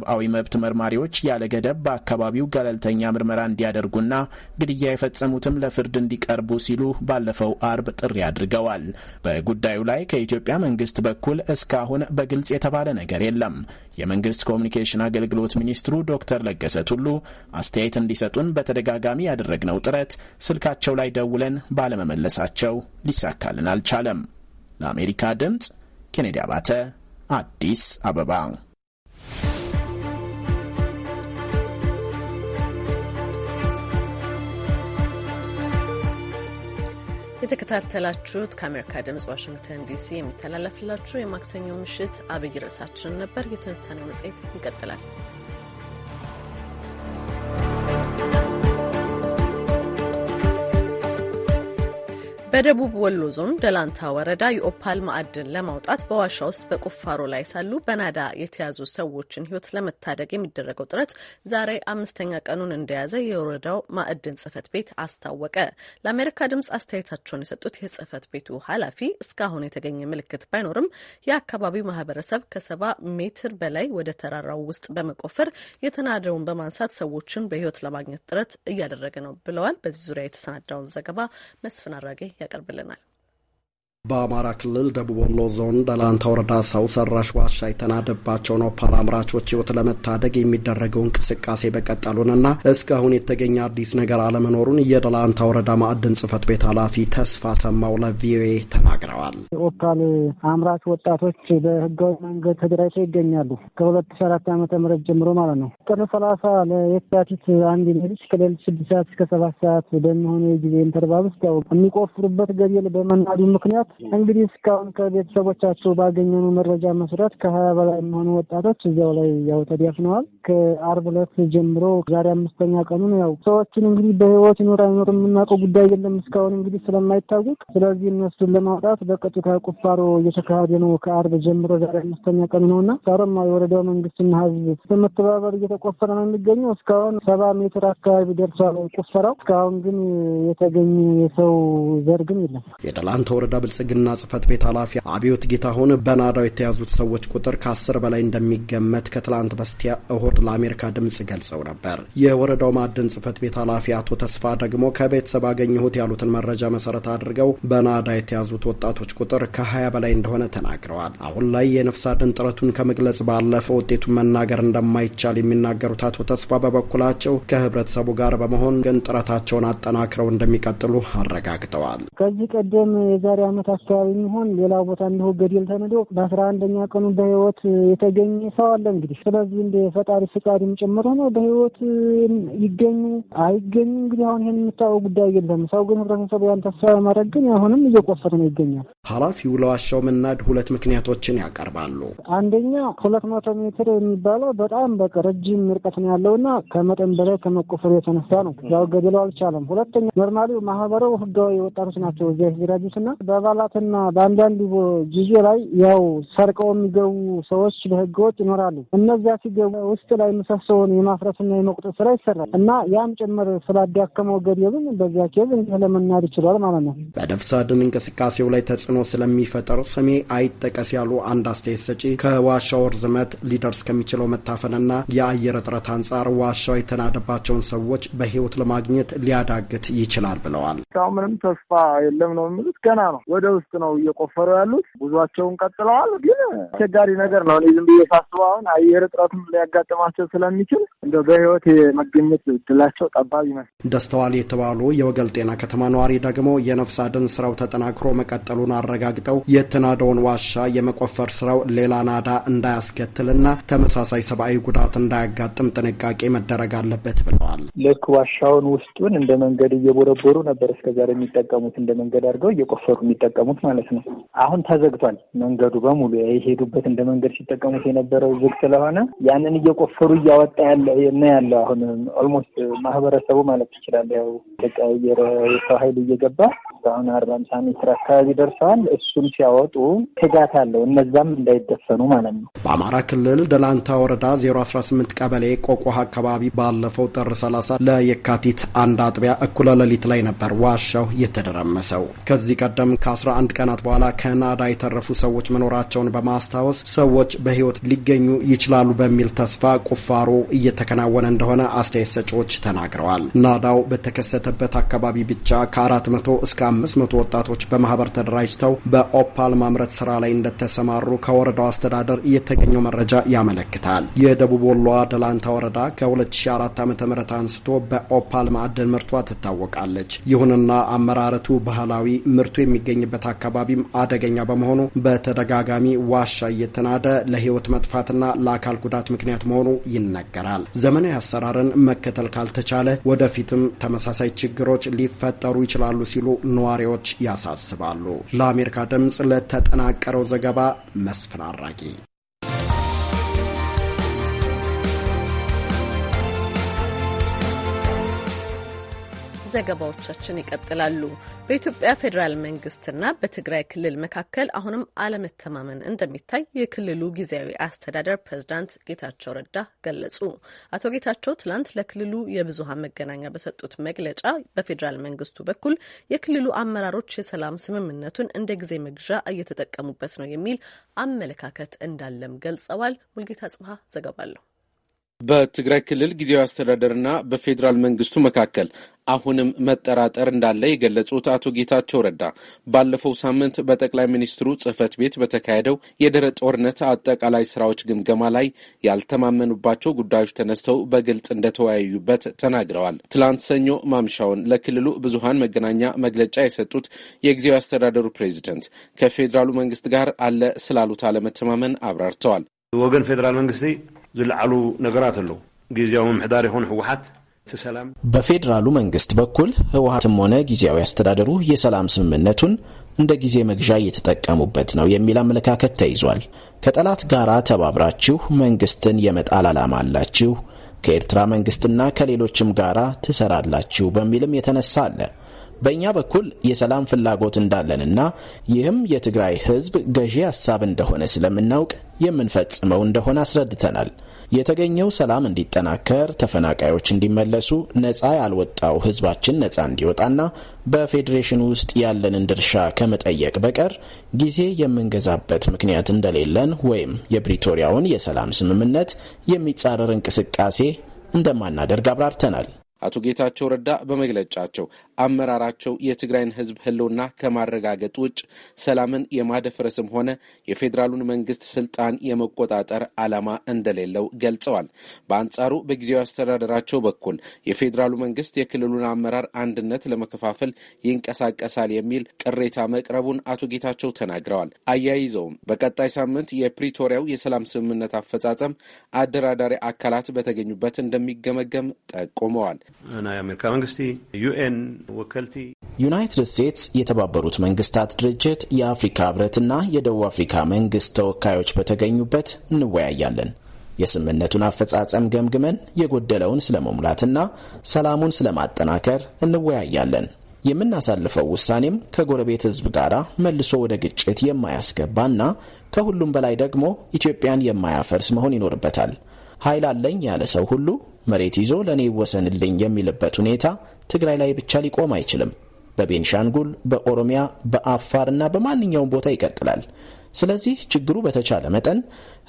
የሰብአዊ መብት መርማሪዎች ያለ ገደብ በአካባቢው ገለልተኛ ምርመራ እንዲያደርጉና ግድያ የፈጸሙትም ለፍርድ እንዲቀርቡ ሲሉ ባለፈው አርብ ጥሪ አድርገዋል። በጉዳዩ ላይ ከኢትዮጵያ መንግስት በኩል እስካሁን በግልጽ የተባለ ነገር የለም። የመንግስት ኮሚኒኬሽን አገልግሎት ሚኒስትሩ ዶክተር ለገሰ ቱሉ አስተያየት እንዲሰጡን በተደጋጋሚ ያደረግነው ጥረት ስልካቸው ላይ ደውለን ባለመመለሳቸው ሊሳካልን አልቻለም። ለአሜሪካ ድምፅ ኬኔዲ አባተ አዲስ አበባ የተከታተላችሁት ከአሜሪካ ድምጽ ዋሽንግተን ዲሲ የሚተላለፍላችሁ የማክሰኞ ምሽት አብይ ርዕሳችንን ነበር። የትንታኔው መጽሔት ይቀጥላል። በደቡብ ወሎ ዞን ደላንታ ወረዳ የኦፓል ማዕድን ለማውጣት በዋሻ ውስጥ በቁፋሮ ላይ ሳሉ በናዳ የተያዙ ሰዎችን ሕይወት ለመታደግ የሚደረገው ጥረት ዛሬ አምስተኛ ቀኑን እንደያዘ የወረዳው ማዕድን ጽሕፈት ቤት አስታወቀ። ለአሜሪካ ድምፅ አስተያየታቸውን የሰጡት የጽሕፈት ቤቱ ኃላፊ እስካሁን የተገኘ ምልክት ባይኖርም የአካባቢው ማህበረሰብ ከሰባ ሜትር በላይ ወደ ተራራው ውስጥ በመቆፈር የተናደውን በማንሳት ሰዎችን በሕይወት ለማግኘት ጥረት እያደረገ ነው ብለዋል። በዚህ ዙሪያ የተሰናዳውን ዘገባ መስፍን አራጌ ያቀርብልናል። በአማራ ክልል ደቡብ ወሎ ዞን ደላንታ ወረዳ ሰው ሰራሽ ዋሻ የተናደባቸውን ኦፓል አምራቾች ሕይወት ለመታደግ የሚደረገው እንቅስቃሴ በቀጠሉንና እስካሁን የተገኘ አዲስ ነገር አለመኖሩን የደላንታ ወረዳ ማዕድን ጽሕፈት ቤት ኃላፊ ተስፋ ሰማው ለቪኦኤ ተናግረዋል። ኦፓል አምራች ወጣቶች በህጋዊ መንገድ ተደራጅተው ይገኛሉ። ከሁለት ሺ አራት ዓመተ ምህረት ጀምሮ ማለት ነው። ቀን ሰላሳ ለየካቲት አንድ ሌሊት ከሌል ስድስት ሰዓት እስከ ሰባት ሰዓት በሚሆነ የጊዜ ኢንተርቫል ውስጥ ያው የሚቆፍሩበት ገቢል በመናዱ ምክንያት እንግዲህ እስካሁን ከቤተሰቦቻቸው ባገኘኑ መረጃ መሰረት ከሀያ በላይ የሚሆኑ ወጣቶች እዚያው ላይ ያው ተዳፍነዋል። ከአርብ ዕለት ጀምሮ ዛሬ አምስተኛ ቀኑን ያው ሰዎችን እንግዲህ በህይወት ይኖር አይኖር የምናውቀው ጉዳይ የለም እስካሁን እንግዲህ ስለማይታወቅ። ስለዚህ እነሱን ለማውጣት በቀጥታ ቁፋሮ እየተካሄደ ነው። ከአርብ ጀምሮ ዛሬ አምስተኛ ቀኑ ነው እና ሳረማ የወረዳው መንግስትና ህዝብ በመተባበር እየተቆፈረ ነው የሚገኘው። እስካሁን ሰባ ሜትር አካባቢ ደርሷል ቁፈራው። እስካሁን ግን የተገኘ የሰው ዘር ግን የለም። የደላንተ ወረዳ ብልጽ የብልጽግና ጽህፈት ቤት ኃላፊ አብዮት ጌታሁን በናዳው የተያዙት ሰዎች ቁጥር ከአስር በላይ እንደሚገመት ከትላንት በስቲያ እሁድ ለአሜሪካ ድምጽ ገልጸው ነበር። የወረዳው ማዕድን ጽህፈት ቤት ኃላፊ አቶ ተስፋ ደግሞ ከቤተሰብ አገኘሁት ያሉትን መረጃ መሰረት አድርገው በናዳ የተያዙት ወጣቶች ቁጥር ከሀያ በላይ እንደሆነ ተናግረዋል። አሁን ላይ የነፍስ አድን ጥረቱን ከመግለጽ ባለፈ ውጤቱን መናገር እንደማይቻል የሚናገሩት አቶ ተስፋ በበኩላቸው ከህብረተሰቡ ጋር በመሆን ግን ጥረታቸውን አጠናክረው እንደሚቀጥሉ አረጋግጠዋል። ከዚህ ቀደም የዛሬ አስተዋይ የሚሆን ሌላ ቦታ እንዲሁ ገደል ተነዶ በአስራ አንደኛ ቀኑ በህይወት የተገኘ ሰው አለ። እንግዲህ ስለዚህ እንደ ፈጣሪ ፍቃድም ጭምር ሆኖ በህይወት ይገኙ አይገኙ እንግዲህ አሁን ይህን የምታወቅ ጉዳይ የለም። ሰው ግን ህብረተሰቡ ያን ተስፋ በማድረግ ግን አሁንም እየቆፈር ነው ይገኛል። ኃላፊው ለዋሻው መናድ ሁለት ምክንያቶችን ያቀርባሉ። አንደኛ ሁለት መቶ ሜትር የሚባለው በጣም በቃ ረጅም ርቀት ነው ያለውና ከመጠን በላይ ከመቆፈሩ የተነሳ ነው ያው ገደለው አልቻለም። ሁለተኛ ኖርማሊ ማህበረው ህጋዊ ወጣቶች ናቸው እዚያ የተደራጁትና በባለ አካላትና በአንዳንዱ ጊዜ ላይ ያው ሰርቀው የሚገቡ ሰዎች በህገወጥ ይኖራሉ። እነዚያ ሲገቡ ውስጥ ላይ ምሰሶውን የማፍረስና የመቁጠር ስራ ይሰራል እና ያም ጭምር ስላዳከመው ገዴብን በዚያ ኬዝ ለመናድ ይችላል ማለት ነው። በነፍስ አድን እንቅስቃሴው ላይ ተጽዕኖ ስለሚፈጠር ስሜ አይጠቀስ ያሉ አንድ አስተያየት ሰጪ ከዋሻው ርዝመት ሊደርስ ከሚችለው መታፈንና የአየር እጥረት አንጻር ዋሻው የተናደባቸውን ሰዎች በህይወት ለማግኘት ሊያዳግት ይችላል ብለዋል። ምንም ተስፋ የለም ነው የሚሉት ገና ነው ወደ ውስጥ ነው እየቆፈሩ ያሉት። ጉዟቸውን ቀጥለዋል። ግን አስቸጋሪ ነገር ነው። እኔ ዝም ብዬ ሳስበው አሁን አየር እጥረቱም ሊያጋጥማቸው ስለሚችል እንደ በህይወት የመገኘት እድላቸው ጠባብ ይመስል። ደስተዋል የተባሉ የወገል ጤና ከተማ ነዋሪ ደግሞ የነፍስ አድን ስራው ተጠናክሮ መቀጠሉን አረጋግጠው የትናደውን ዋሻ የመቆፈር ስራው ሌላ ናዳ እንዳያስከትልና ተመሳሳይ ሰብአዊ ጉዳት እንዳያጋጥም ጥንቃቄ መደረግ አለበት ብለዋል። ልክ ዋሻውን ውስጡን እንደ መንገድ እየቦረቦሩ ነበር እስከዛሬ የሚጠቀሙት እንደ መንገድ አድርገው እየቆፈሩ የሚጠቀሙ የሚጠቀሙት ማለት ነው። አሁን ተዘግቷል መንገዱ በሙሉ የሄዱበት እንደ መንገድ ሲጠቀሙት የነበረው ዝግ ስለሆነ ያንን እየቆፈሩ እያወጣ ያለ ያለው አሁን ኦልሞስት ማህበረሰቡ ማለት ይችላል ያው ተቀያየረ የሰው ኃይል እየገባ እስካሁን አርባ አምሳ ሜትር አካባቢ ደርሰዋል። እሱም ሲያወጡ ትጋት አለው እነዛም እንዳይደፈኑ ማለት ነው። በአማራ ክልል ደላንታ ወረዳ ዜሮ አስራ ስምንት ቀበሌ ቆቆህ አካባቢ ባለፈው ጥር ሰላሳ ለየካቲት አንድ አጥቢያ እኩለ ሌሊት ላይ ነበር ዋሻው የተደረመሰው። ከዚህ ቀደም ከአስራ አንድ ቀናት በኋላ ከናዳ የተረፉ ሰዎች መኖራቸውን በማስታወስ ሰዎች በህይወት ሊገኙ ይችላሉ በሚል ተስፋ ቁፋሮ እየተከናወነ እንደሆነ አስተያየት ሰጪዎች ተናግረዋል። ናዳው በተከሰተበት አካባቢ ብቻ ከአራት መቶ እስከ አምስት ወጣቶች በማህበር ተደራጅተው በኦፓል ማምረት ስራ ላይ እንደተሰማሩ ከወረዳው አስተዳደር የተገኘው መረጃ ያመለክታል። የደቡብ ወሎዋ ደላንታ ወረዳ ከ2004 ዓ ም አንስቶ በኦፓል ማዕድን ምርቷ ትታወቃለች። ይሁንና አመራረቱ ባህላዊ፣ ምርቱ የሚገኝበት አካባቢም አደገኛ በመሆኑ በተደጋጋሚ ዋሻ እየተናደ ለህይወት መጥፋትና ለአካል ጉዳት ምክንያት መሆኑ ይነገራል። ዘመናዊ አሰራርን መከተል ካልተቻለ ወደፊትም ተመሳሳይ ችግሮች ሊፈጠሩ ይችላሉ ሲሉ ነዋሪዎች ያሳስባሉ። ለአሜሪካ ድምፅ ለተጠናቀረው ዘገባ መስፍን አራጌ ዘገባዎቻችን ይቀጥላሉ። በኢትዮጵያ ፌዴራል መንግስትና በትግራይ ክልል መካከል አሁንም አለመተማመን እንደሚታይ የክልሉ ጊዜያዊ አስተዳደር ፕሬዝዳንት ጌታቸው ረዳ ገለጹ። አቶ ጌታቸው ትላንት ለክልሉ የብዙሀን መገናኛ በሰጡት መግለጫ በፌዴራል መንግስቱ በኩል የክልሉ አመራሮች የሰላም ስምምነቱን እንደ ጊዜ መግዣ እየተጠቀሙበት ነው የሚል አመለካከት እንዳለም ገልጸዋል። ሙልጌታ ጽብሀ ዘገባለሁ በትግራይ ክልል ጊዜያዊ አስተዳደርና በፌዴራል መንግስቱ መካከል አሁንም መጠራጠር እንዳለ የገለጹት አቶ ጌታቸው ረዳ ባለፈው ሳምንት በጠቅላይ ሚኒስትሩ ጽህፈት ቤት በተካሄደው የደረ ጦርነት አጠቃላይ ስራዎች ግምገማ ላይ ያልተማመኑባቸው ጉዳዮች ተነስተው በግልጽ እንደተወያዩበት ተናግረዋል። ትላንት ሰኞ ማምሻውን ለክልሉ ብዙሃን መገናኛ መግለጫ የሰጡት የጊዜያዊ አስተዳደሩ ፕሬዚደንት ከፌዴራሉ መንግስት ጋር አለ ስላሉት አለመተማመን አብራርተዋል። ወገን ፌዴራል መንግስት ዝለዓሉ ነገራት ኣለዉ ግዜያዊ ምሕዳር ይኹን ህወሓት በፌዴራሉ መንግስት በኩል ህወሓትም ሆነ ጊዜያዊ አስተዳደሩ የሰላም ስምምነቱን እንደ ጊዜ መግዣ እየተጠቀሙበት ነው የሚል አመለካከት ተይዟል። ከጠላት ጋር ተባብራችሁ መንግስትን የመጣል ዓላማ አላችሁ፣ ከኤርትራ መንግስትና ከሌሎችም ጋራ ትሰራላችሁ በሚልም የተነሳ አለ። በእኛ በኩል የሰላም ፍላጎት እንዳለንና ይህም የትግራይ ህዝብ ገዢ ሀሳብ እንደሆነ ስለምናውቅ የምንፈጽመው እንደሆነ አስረድተናል። የተገኘው ሰላም እንዲጠናከር፣ ተፈናቃዮች እንዲመለሱ፣ ነጻ ያልወጣው ህዝባችን ነጻ እንዲወጣና በፌዴሬሽን ውስጥ ያለንን ድርሻ ከመጠየቅ በቀር ጊዜ የምንገዛበት ምክንያት እንደሌለን ወይም የፕሪቶሪያውን የሰላም ስምምነት የሚጻረር እንቅስቃሴ እንደማናደርግ አብራርተናል። አቶ ጌታቸው ረዳ በመግለጫቸው አመራራቸው የትግራይን ህዝብ ህልውና ከማረጋገጥ ውጭ ሰላምን የማደፍረስም ሆነ የፌዴራሉን መንግስት ስልጣን የመቆጣጠር ዓላማ እንደሌለው ገልጸዋል። በአንጻሩ በጊዜያዊ አስተዳደራቸው በኩል የፌዴራሉ መንግስት የክልሉን አመራር አንድነት ለመከፋፈል ይንቀሳቀሳል የሚል ቅሬታ መቅረቡን አቶ ጌታቸው ተናግረዋል። አያይዘውም በቀጣይ ሳምንት የፕሪቶሪያው የሰላም ስምምነት አፈጻጸም አደራዳሪ አካላት በተገኙበት እንደሚገመገም ጠቁመዋል። ናይ አሜሪካ መንግስቲ ዩኤን ዩናይትድ ስቴትስ፣ የተባበሩት መንግስታት ድርጅት፣ የአፍሪካ ህብረትና የደቡብ አፍሪካ መንግስት ተወካዮች በተገኙበት እንወያያለን። የስምምነቱን አፈጻጸም ገምግመን የጎደለውን ስለመሙላትና ሰላሙን ስለማጠናከር እንወያያለን። የምናሳልፈው ውሳኔም ከጎረቤት ህዝብ ጋር መልሶ ወደ ግጭት የማያስገባና ከሁሉም በላይ ደግሞ ኢትዮጵያን የማያፈርስ መሆን ይኖርበታል። ኃይል አለኝ ያለ ሰው ሁሉ መሬት ይዞ ለእኔ ይወሰንልኝ የሚልበት ሁኔታ ትግራይ ላይ ብቻ ሊቆም አይችልም። በቤንሻንጉል፣ በኦሮሚያ፣ በአፋርና በማንኛውም ቦታ ይቀጥላል። ስለዚህ ችግሩ በተቻለ መጠን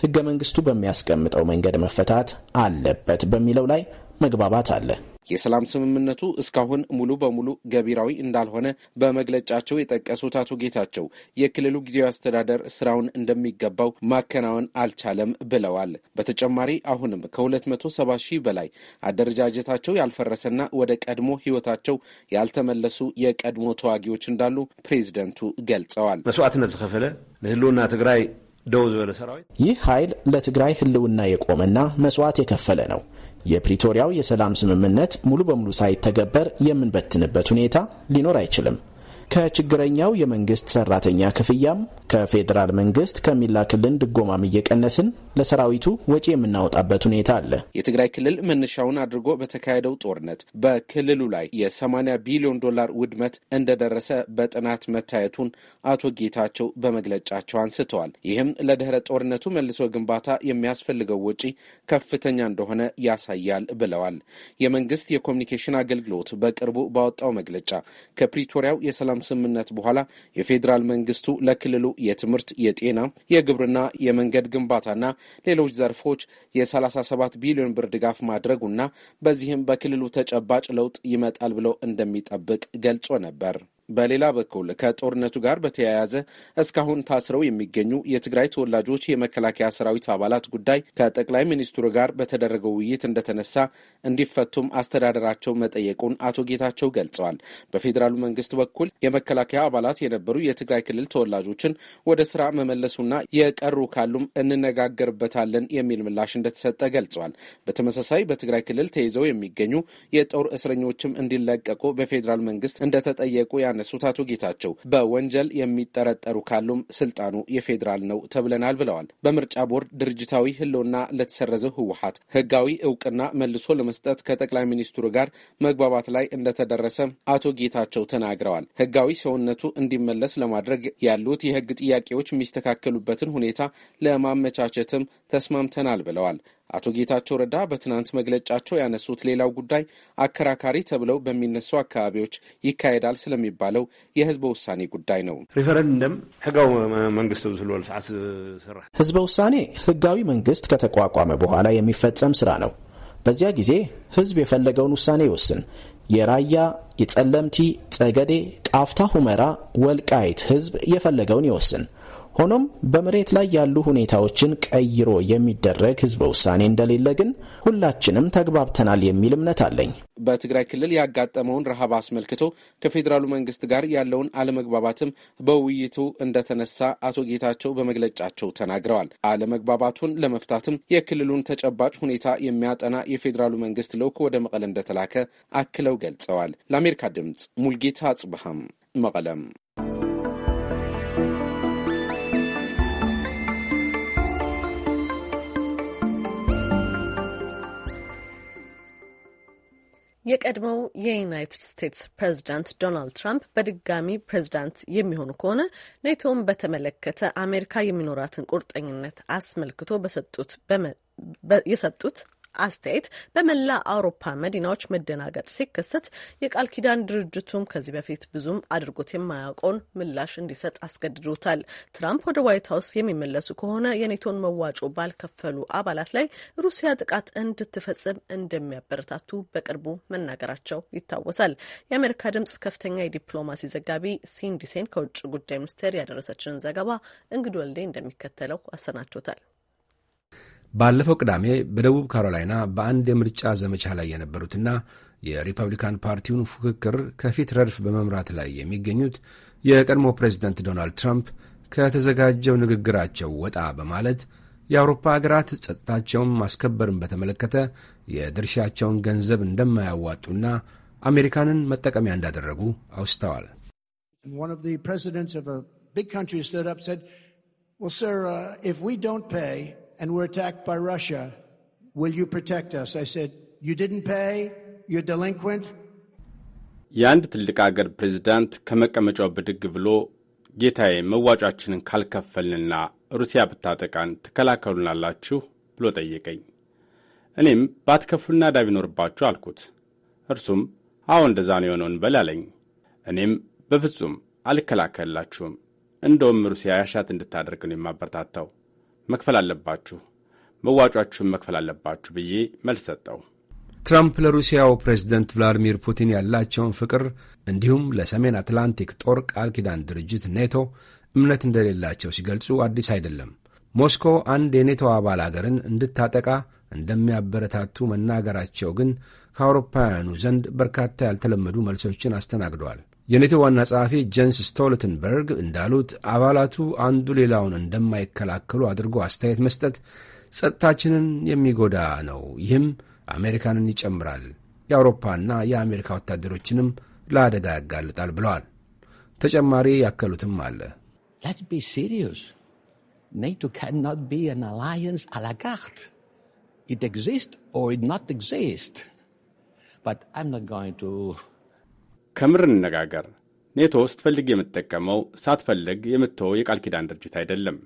ህገ መንግስቱ በሚያስቀምጠው መንገድ መፈታት አለበት በሚለው ላይ መግባባት አለ። የሰላም ስምምነቱ እስካሁን ሙሉ በሙሉ ገቢራዊ እንዳልሆነ በመግለጫቸው የጠቀሱት አቶ ጌታቸው የክልሉ ጊዜያዊ አስተዳደር ስራውን እንደሚገባው ማከናወን አልቻለም ብለዋል። በተጨማሪ አሁንም ከ270 ሺህ በላይ አደረጃጀታቸው ያልፈረሰና ወደ ቀድሞ ህይወታቸው ያልተመለሱ የቀድሞ ተዋጊዎች እንዳሉ ፕሬዚደንቱ ገልጸዋል። መስዋዕትነት ዝከፈለ ንህልውና ትግራይ ደው ዝበለ ሰራዊት ይህ ኃይል ለትግራይ ህልውና የቆመና መስዋዕት የከፈለ ነው። የፕሪቶሪያው የሰላም ስምምነት ሙሉ በሙሉ ሳይተገበር የምንበትንበት ሁኔታ ሊኖር አይችልም። ከችግረኛው የመንግስት ሰራተኛ ክፍያም ከፌዴራል መንግስት ከሚላክልን ድጎማም እየቀነስን ለሰራዊቱ ወጪ የምናወጣበት ሁኔታ አለ። የትግራይ ክልል መነሻውን አድርጎ በተካሄደው ጦርነት በክልሉ ላይ የ80 ቢሊዮን ዶላር ውድመት እንደደረሰ በጥናት መታየቱን አቶ ጌታቸው በመግለጫቸው አንስተዋል። ይህም ለድህረ ጦርነቱ መልሶ ግንባታ የሚያስፈልገው ወጪ ከፍተኛ እንደሆነ ያሳያል ብለዋል። የመንግስት የኮሚኒኬሽን አገልግሎት በቅርቡ ባወጣው መግለጫ ከፕሪቶሪያው የሰላም የሰላም ስምምነት በኋላ የፌዴራል መንግስቱ ለክልሉ የትምህርት፣ የጤና፣ የግብርና፣ የመንገድ ግንባታና ሌሎች ዘርፎች የ37 ቢሊዮን ብር ድጋፍ ማድረጉና በዚህም በክልሉ ተጨባጭ ለውጥ ይመጣል ብለው እንደሚጠብቅ ገልጾ ነበር። በሌላ በኩል ከጦርነቱ ጋር በተያያዘ እስካሁን ታስረው የሚገኙ የትግራይ ተወላጆች የመከላከያ ሰራዊት አባላት ጉዳይ ከጠቅላይ ሚኒስትሩ ጋር በተደረገው ውይይት እንደተነሳ እንዲፈቱም አስተዳደራቸው መጠየቁን አቶ ጌታቸው ገልጸዋል። በፌዴራሉ መንግስት በኩል የመከላከያ አባላት የነበሩ የትግራይ ክልል ተወላጆችን ወደ ስራ መመለሱና የቀሩ ካሉም እንነጋገርበታለን የሚል ምላሽ እንደተሰጠ ገልጸዋል። በተመሳሳይ በትግራይ ክልል ተይዘው የሚገኙ የጦር እስረኞችም እንዲለቀቁ በፌዴራል መንግስት እንደተጠየቁ ያነ ያነሱት አቶ ጌታቸው በወንጀል የሚጠረጠሩ ካሉም ስልጣኑ የፌዴራል ነው ተብለናል ብለዋል። በምርጫ ቦርድ ድርጅታዊ ህልውና ለተሰረዘው ህወሀት ህጋዊ እውቅና መልሶ ለመስጠት ከጠቅላይ ሚኒስትሩ ጋር መግባባት ላይ እንደተደረሰ አቶ ጌታቸው ተናግረዋል። ህጋዊ ሰውነቱ እንዲመለስ ለማድረግ ያሉት የህግ ጥያቄዎች የሚስተካከሉበትን ሁኔታ ለማመቻቸትም ተስማምተናል ብለዋል። አቶ ጌታቸው ረዳ በትናንት መግለጫቸው ያነሱት ሌላው ጉዳይ አከራካሪ ተብለው በሚነሱ አካባቢዎች ይካሄዳል ስለሚባለው የህዝበ ውሳኔ ጉዳይ ነው። ሪፈረንደም ህጋዊ መንግስት ህዝበ ውሳኔ ህጋዊ መንግስት ከተቋቋመ በኋላ የሚፈጸም ስራ ነው። በዚያ ጊዜ ህዝብ የፈለገውን ውሳኔ ይወስን። የራያ የጸለምቲ፣ ጸገዴ፣ ቃፍታ፣ ሁመራ፣ ወልቃይት ህዝብ የፈለገውን ይወስን። ሆኖም በመሬት ላይ ያሉ ሁኔታዎችን ቀይሮ የሚደረግ ህዝበ ውሳኔ እንደሌለ ግን ሁላችንም ተግባብተናል የሚል እምነት አለኝ። በትግራይ ክልል ያጋጠመውን ረሃብ አስመልክቶ ከፌዴራሉ መንግስት ጋር ያለውን አለመግባባትም በውይይቱ እንደተነሳ አቶ ጌታቸው በመግለጫቸው ተናግረዋል። አለመግባባቱን ለመፍታትም የክልሉን ተጨባጭ ሁኔታ የሚያጠና የፌዴራሉ መንግስት ልዑክ ወደ መቀለ እንደተላከ አክለው ገልጸዋል። ለአሜሪካ ድምጽ ሙልጌታ አጽብሃም መቀለም የቀድሞው የዩናይትድ ስቴትስ ፕሬዚዳንት ዶናልድ ትራምፕ በድጋሚ ፕሬዚዳንት የሚሆኑ ከሆነ ኔቶን በተመለከተ አሜሪካ የሚኖራትን ቁርጠኝነት አስመልክቶ በሰጡት የሰጡት አስተያየት በመላ አውሮፓ መዲናዎች መደናገጥ ሲከሰት የቃል ኪዳን ድርጅቱም ከዚህ በፊት ብዙም አድርጎት የማያውቀውን ምላሽ እንዲሰጥ አስገድዶታል። ትራምፕ ወደ ዋይት ሀውስ የሚመለሱ ከሆነ የኔቶን መዋጮ ባልከፈሉ አባላት ላይ ሩሲያ ጥቃት እንድትፈጽም እንደሚያበረታቱ በቅርቡ መናገራቸው ይታወሳል። የአሜሪካ ድምጽ ከፍተኛ የዲፕሎማሲ ዘጋቢ ሲንዲሴን ከውጭ ጉዳይ ሚኒስቴር ያደረሰችንን ዘገባ እንግድ ወልዴ እንደሚከተለው አሰናቾታል። ባለፈው ቅዳሜ በደቡብ ካሮላይና በአንድ የምርጫ ዘመቻ ላይ የነበሩትና የሪፐብሊካን ፓርቲውን ፉክክር ከፊት ረድፍ በመምራት ላይ የሚገኙት የቀድሞ ፕሬዚደንት ዶናልድ ትራምፕ ከተዘጋጀው ንግግራቸው ወጣ በማለት የአውሮፓ ሀገራት ጸጥታቸውን ማስከበርን በተመለከተ የድርሻቸውን ገንዘብ እንደማያዋጡና አሜሪካንን መጠቀሚያ እንዳደረጉ አውስተዋል። ፕሬዚደንት and we're attacked by Russia. Will you protect us? I said, you didn't pay, you're delinquent. የአንድ ትልቅ አገር ፕሬዚዳንት ከመቀመጫው ብድግ ብሎ ጌታዬ መዋጫችንን ካልከፈልንና ሩሲያ ብታጠቃን ትከላከሉናላችሁ ብሎ ጠየቀኝ። እኔም ባትከፍሉና ዳ ቢኖርባችሁ አልኩት። እርሱም አዎ እንደዛ ነው የሆነውን በል አለኝ። እኔም በፍጹም አልከላከልላችሁም፣ እንደውም ሩሲያ ያሻት እንድታደርግ ነው የማበረታታው መክፈል አለባችሁ፣ መዋጯችሁን መክፈል አለባችሁ ብዬ መልስ ሰጠው። ትራምፕ ለሩሲያው ፕሬዝደንት ቭላዲሚር ፑቲን ያላቸውን ፍቅር እንዲሁም ለሰሜን አትላንቲክ ጦር ቃል ኪዳን ድርጅት ኔቶ እምነት እንደሌላቸው ሲገልጹ አዲስ አይደለም። ሞስኮ አንድ የኔቶ አባል አገርን እንድታጠቃ እንደሚያበረታቱ መናገራቸው ግን ከአውሮፓውያኑ ዘንድ በርካታ ያልተለመዱ መልሶችን አስተናግደዋል። የኔቶ ዋና ጸሐፊ ጀንስ ስቶልተንበርግ እንዳሉት አባላቱ አንዱ ሌላውን እንደማይከላከሉ አድርጎ አስተያየት መስጠት ጸጥታችንን የሚጎዳ ነው። ይህም አሜሪካንን ይጨምራል፣ የአውሮፓና የአሜሪካ ወታደሮችንም ለአደጋ ያጋልጣል ብለዋል። ተጨማሪ ያከሉትም አለ። ኔቶ ካናት ቢ አን አላያንስ አላጋርት ኢት ኤግዚስት ኦር ኢት ኤግዚስት ጎይንግ ቱ ከምር እንነጋገር። ኔቶ ስትፈልግ የምትጠቀመው ሳትፈልግ የምትተወው የቃል ኪዳን ድርጅት አይደለም።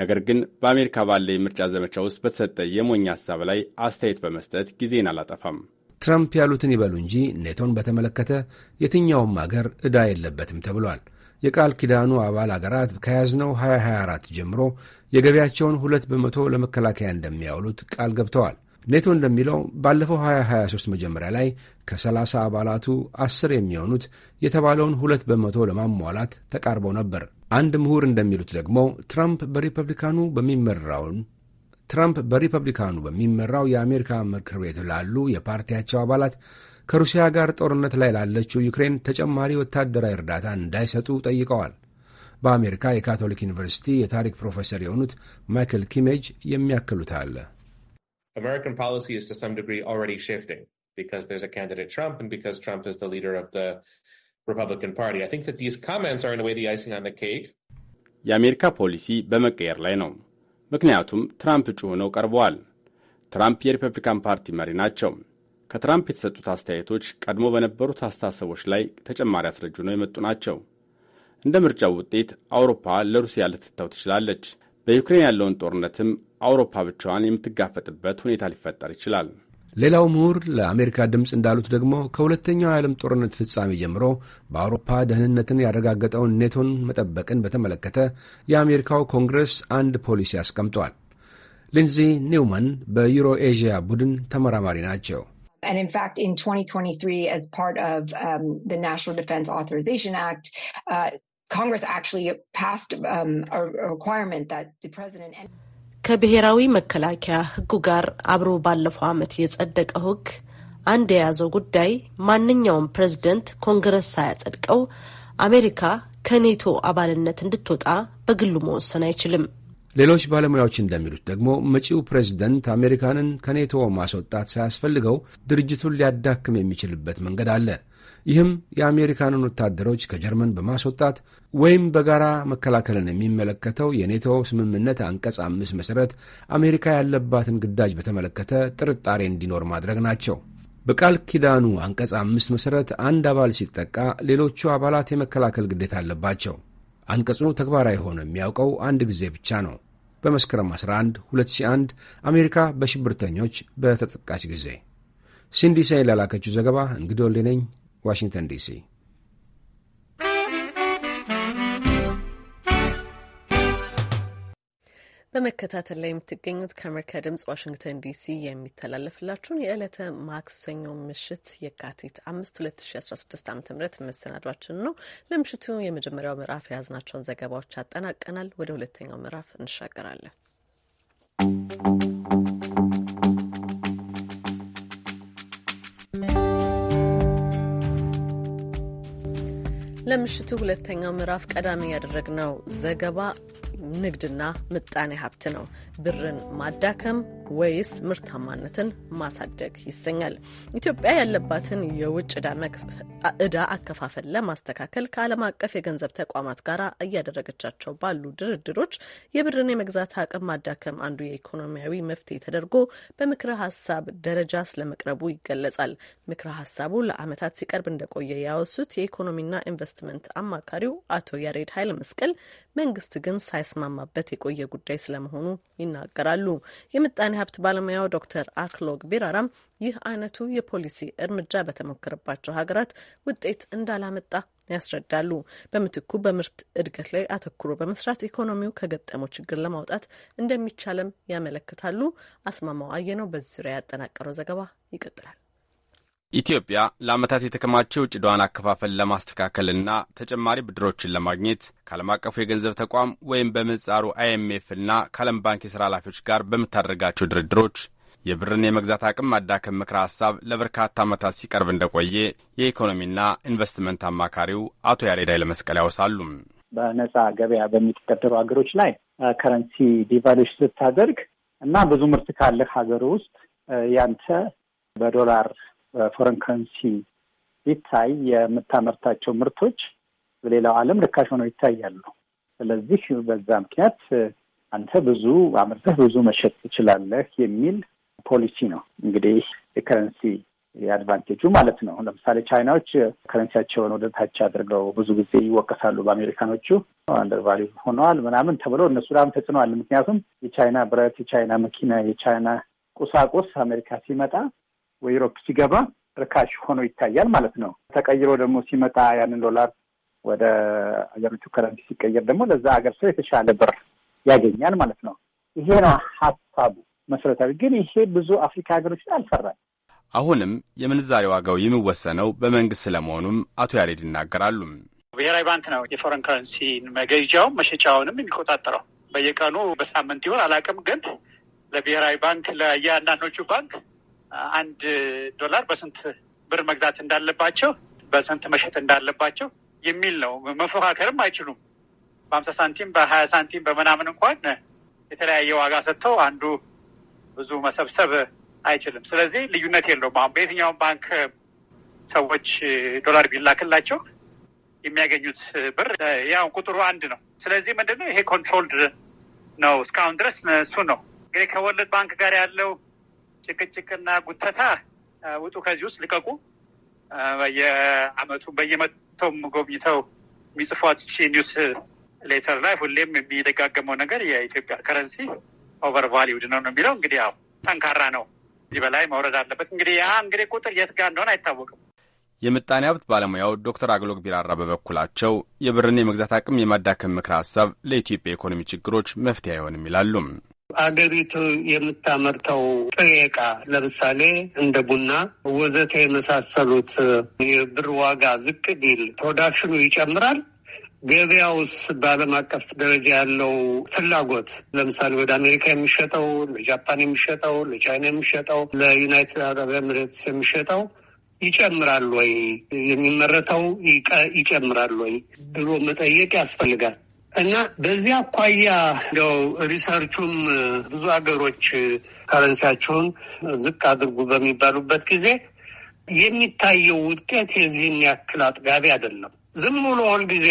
ነገር ግን በአሜሪካ ባለ የምርጫ ዘመቻ ውስጥ በተሰጠ የሞኝ ሀሳብ ላይ አስተያየት በመስጠት ጊዜን አላጠፋም። ትራምፕ ያሉትን ይበሉ እንጂ ኔቶን በተመለከተ የትኛውም አገር ዕዳ የለበትም ተብሏል። የቃል ኪዳኑ አባል አገራት ከያዝነው 2024 ጀምሮ የገቢያቸውን ሁለት በመቶ ለመከላከያ እንደሚያውሉት ቃል ገብተዋል። ኔቶ እንደሚለው ባለፈው 2023 መጀመሪያ ላይ ከ30 አባላቱ 10 የሚሆኑት የተባለውን ሁለት በመቶ ለማሟላት ተቃርበው ነበር። አንድ ምሁር እንደሚሉት ደግሞ ትራምፕ በሪፐብሊካኑ በሚመራውን ትራምፕ በሪፐብሊካኑ በሚመራው የአሜሪካ ምክር ቤት ላሉ የፓርቲያቸው አባላት ከሩሲያ ጋር ጦርነት ላይ ላለችው ዩክሬን ተጨማሪ ወታደራዊ እርዳታ እንዳይሰጡ ጠይቀዋል። በአሜሪካ የካቶሊክ ዩኒቨርሲቲ የታሪክ ፕሮፌሰር የሆኑት ማይክል ኪሜጅ የሚያክሉት አለ። American policy is to some degree already shifting because there's a candidate Trump and because Trump is the leader of the Republican Party. I think that these comments are in a way the icing on the cake. የአሜሪካ ፖሊሲ በመቀየር ላይ ነው፣ ምክንያቱም ትራምፕ እጩ ሆነው ቀርበዋል። ትራምፕ የሪፐብሊካን ፓርቲ መሪ ናቸው። ከትራምፕ የተሰጡት አስተያየቶች ቀድሞ በነበሩት አስተሳሰቦች ላይ ተጨማሪ አስረጅ ሆነው የመጡ ናቸው። እንደ ምርጫው ውጤት አውሮፓ ለሩሲያ ልትተው ትችላለች። በዩክሬን ያለውን ጦርነትም አውሮፓ ብቻዋን የምትጋፈጥበት ሁኔታ ሊፈጠር ይችላል። ሌላው ምሁር ለአሜሪካ ድምፅ እንዳሉት ደግሞ ከሁለተኛው የዓለም ጦርነት ፍጻሜ ጀምሮ በአውሮፓ ደህንነትን ያረጋገጠውን ኔቶን መጠበቅን በተመለከተ የአሜሪካው ኮንግረስ አንድ ፖሊሲ አስቀምጧል። ሊንዚ ኒውማን በዩሮ ኤዥያ ቡድን ተመራማሪ ናቸው። And in fact, in 2023, as part of um, the National Defense Authorization Act, uh, Congress actually passed um, a, requirement that the president. And ከብሔራዊ መከላከያ ሕጉ ጋር አብሮ ባለፈው ዓመት የጸደቀው ሕግ አንድ የያዘው ጉዳይ ማንኛውም ፕሬዝደንት ኮንግረስ ሳያጸድቀው አሜሪካ ከኔቶ አባልነት እንድትወጣ በግሉ መወሰን አይችልም። ሌሎች ባለሙያዎች እንደሚሉት ደግሞ መጪው ፕሬዝደንት አሜሪካንን ከኔቶ ማስወጣት ሳያስፈልገው ድርጅቱን ሊያዳክም የሚችልበት መንገድ አለ። ይህም የአሜሪካንን ወታደሮች ከጀርመን በማስወጣት ወይም በጋራ መከላከልን የሚመለከተው የኔቶ ስምምነት አንቀጽ አምስት መሠረት አሜሪካ ያለባትን ግዳጅ በተመለከተ ጥርጣሬ እንዲኖር ማድረግ ናቸው። በቃል ኪዳኑ አንቀጽ አምስት መሠረት አንድ አባል ሲጠቃ ሌሎቹ አባላት የመከላከል ግዴታ አለባቸው። አንቀጹ ተግባራዊ ሆኖ የሚያውቀው አንድ ጊዜ ብቻ ነው፣ በመስከረም 11 2001 አሜሪካ በሽብርተኞች በተጠቃች ጊዜ። ሲንዲ ሴን ላላከችው ዘገባ እንግዶልነኝ ዋሽንግተን ዲሲ። በመከታተል ላይ የምትገኙት ከአሜሪካ ድምጽ ዋሽንግተን ዲሲ የሚተላለፍላችሁን የዕለተ ማክሰኞ ምሽት የካቲት አምስት ሁለት ሺ አስራ ስድስት ዓመተ ምህረት መሰናዷችን ነው። ለምሽቱ የመጀመሪያው ምዕራፍ የያዝናቸውን ዘገባዎች አጠናቀናል። ወደ ሁለተኛው ምዕራፍ እንሻገራለን። ለምሽቱ ሁለተኛው ምዕራፍ ቀዳሚ ያደረግነው ዘገባ ንግድና ምጣኔ ሀብት ነው። ብርን ማዳከም ወይስ ምርታማነትን ማሳደግ ይሰኛል። ኢትዮጵያ ያለባትን የውጭ ዕዳ አከፋፈል ለማስተካከል ከዓለም አቀፍ የገንዘብ ተቋማት ጋር እያደረገቻቸው ባሉ ድርድሮች የብርን የመግዛት አቅም ማዳከም አንዱ የኢኮኖሚያዊ መፍትሄ ተደርጎ በምክረ ሀሳብ ደረጃ ስለመቅረቡ ይገለጻል። ምክረ ሀሳቡ ለአመታት ሲቀርብ እንደቆየ ያወሱት የኢኮኖሚና ኢንቨስትመንት አማካሪው አቶ ያሬድ ኃይለ መስቀል መንግስት ግን ሳይስማማበት የቆየ ጉዳይ ስለመሆኑ ይናገራሉ። የምጣኔ ሀብት ባለሙያው ዶክተር አክሎግ ቢራራም ይህ አይነቱ የፖሊሲ እርምጃ በተሞከረባቸው ሀገራት ውጤት እንዳላመጣ ያስረዳሉ። በምትኩ በምርት እድገት ላይ አተኩሮ በመስራት ኢኮኖሚው ከገጠመው ችግር ለማውጣት እንደሚቻለም ያመለክታሉ። አስማማው አየነው በዚህ ዙሪያ ያጠናቀረው ዘገባ ይቀጥላል። ኢትዮጵያ ለዓመታት የተከማቸ የውጭ ዕዳዋን አከፋፈል ለማስተካከልና ተጨማሪ ብድሮችን ለማግኘት ከዓለም አቀፉ የገንዘብ ተቋም ወይም በምህጻሩ አይኤምኤፍና ከዓለም ባንክ የሥራ ኃላፊዎች ጋር በምታደርጋቸው ድርድሮች የብርን የመግዛት አቅም ማዳከም ምክረ ሐሳብ ለበርካታ ዓመታት ሲቀርብ እንደቆየ የኢኮኖሚና ኢንቨስትመንት አማካሪው አቶ ያሬድ ኃይለመስቀል ያወሳሉ። በነጻ ገበያ በሚተዳደሩ ሀገሮች ላይ ከረንሲ ዲቫሉሽ ስታደርግ እና ብዙ ምርት ካለህ ሀገር ውስጥ ያንተ በዶላር ፎረን ከረንሲ ቢታይ የምታመርታቸው ምርቶች በሌላው ዓለም ርካሽ ሆነው ይታያሉ። ስለዚህ በዛ ምክንያት አንተ ብዙ አምርተህ ብዙ መሸጥ ትችላለህ የሚል ፖሊሲ ነው እንግዲህ የከረንሲ የአድቫንቴጁ ማለት ነው። ለምሳሌ ቻይናዎች ከረንሲያቸውን ወደ ታች አድርገው ብዙ ጊዜ ይወቀሳሉ። በአሜሪካኖቹ አንደርቫሊ ሆነዋል ምናምን ተብለው እነሱ ላም ተጽዕኖዋል። ምክንያቱም የቻይና ብረት፣ የቻይና መኪና፣ የቻይና ቁሳቁስ አሜሪካ ሲመጣ ወይ ዩሮፕ ሲገባ ርካሽ ሆኖ ይታያል ማለት ነው። ተቀይሮ ደግሞ ሲመጣ ያንን ዶላር ወደ ሀገሮቹ ከረንሲ ሲቀየር ደግሞ ለዛ ሀገር ሰው የተሻለ ብር ያገኛል ማለት ነው። ይሄ ነው ሀሳቡ መሰረታዊ። ግን ይሄ ብዙ አፍሪካ ሀገሮች አልሰራል። አሁንም የምንዛሬ ዋጋው የሚወሰነው በመንግስት ስለመሆኑም አቶ ያሬድ ይናገራሉ። ብሔራዊ ባንክ ነው የፎረን ከረንሲ መገጃው መሸጫውንም የሚቆጣጠረው በየቀኑ በሳምንት ይሆን አላውቅም። ግን ለብሔራዊ ባንክ ለየአንዳንዶቹ ባንክ አንድ ዶላር በስንት ብር መግዛት እንዳለባቸው በስንት መሸጥ እንዳለባቸው የሚል ነው። መፎካከርም አይችሉም። በሀምሳ ሳንቲም በሀያ ሳንቲም በምናምን እንኳን የተለያየ ዋጋ ሰጥተው አንዱ ብዙ መሰብሰብ አይችልም። ስለዚህ ልዩነት የለውም። አሁን በየትኛውም ባንክ ሰዎች ዶላር ቢላክላቸው የሚያገኙት ብር ያው ቁጥሩ አንድ ነው። ስለዚህ ምንድነው ይሄ ኮንትሮልድ ነው። እስካሁን ድረስ እሱ ነው እንግዲህ ከወለድ ባንክ ጋር ያለው ጭቅጭቅና ጉተታ ውጡ፣ ከዚህ ውስጥ ልቀቁ። በየአመቱ በየመቶም ጎብኝተው የሚጽፏት ኒውስ ሌተር ላይ ሁሌም የሚደጋገመው ነገር የኢትዮጵያ ከረንሲ ኦቨር ቫሊውድ ነው ነው የሚለው እንግዲህ ያው ጠንካራ ነው። እዚህ በላይ መውረድ አለበት። እንግዲህ ያ እንግዲህ ቁጥር የት ጋር እንደሆነ አይታወቅም። የምጣኔ ሀብት ባለሙያው ዶክተር አክሎግ ቢራራ በበኩላቸው የብርን የመግዛት አቅም የማዳከም ምክረ ሀሳብ ለኢትዮጵያ ኢኮኖሚ ችግሮች መፍትሄ አይሆንም ይላሉ። አገሪቱ የምታመርተው ጥሬ ዕቃ ለምሳሌ እንደ ቡና ወዘተ የመሳሰሉት የብር ዋጋ ዝቅ ቢል ፕሮዳክሽኑ ይጨምራል። ገበያውስ በዓለም አቀፍ ደረጃ ያለው ፍላጎት ለምሳሌ ወደ አሜሪካ የሚሸጠው፣ ለጃፓን የሚሸጠው፣ ለቻይና የሚሸጠው፣ ለዩናይትድ አረብ ኤምሬትስ የሚሸጠው ይጨምራል ወይ? የሚመረተው ይጨምራል ወይ ብሎ መጠየቅ ያስፈልጋል። እና በዚህ አኳያ ው ሪሰርቹም ብዙ ሀገሮች ከረንሲያቸውን ዝቅ አድርጉ በሚባሉበት ጊዜ የሚታየው ውጤት የዚህን ያክል አጥጋቢ አይደለም። ዝም ብሎ ጊዜ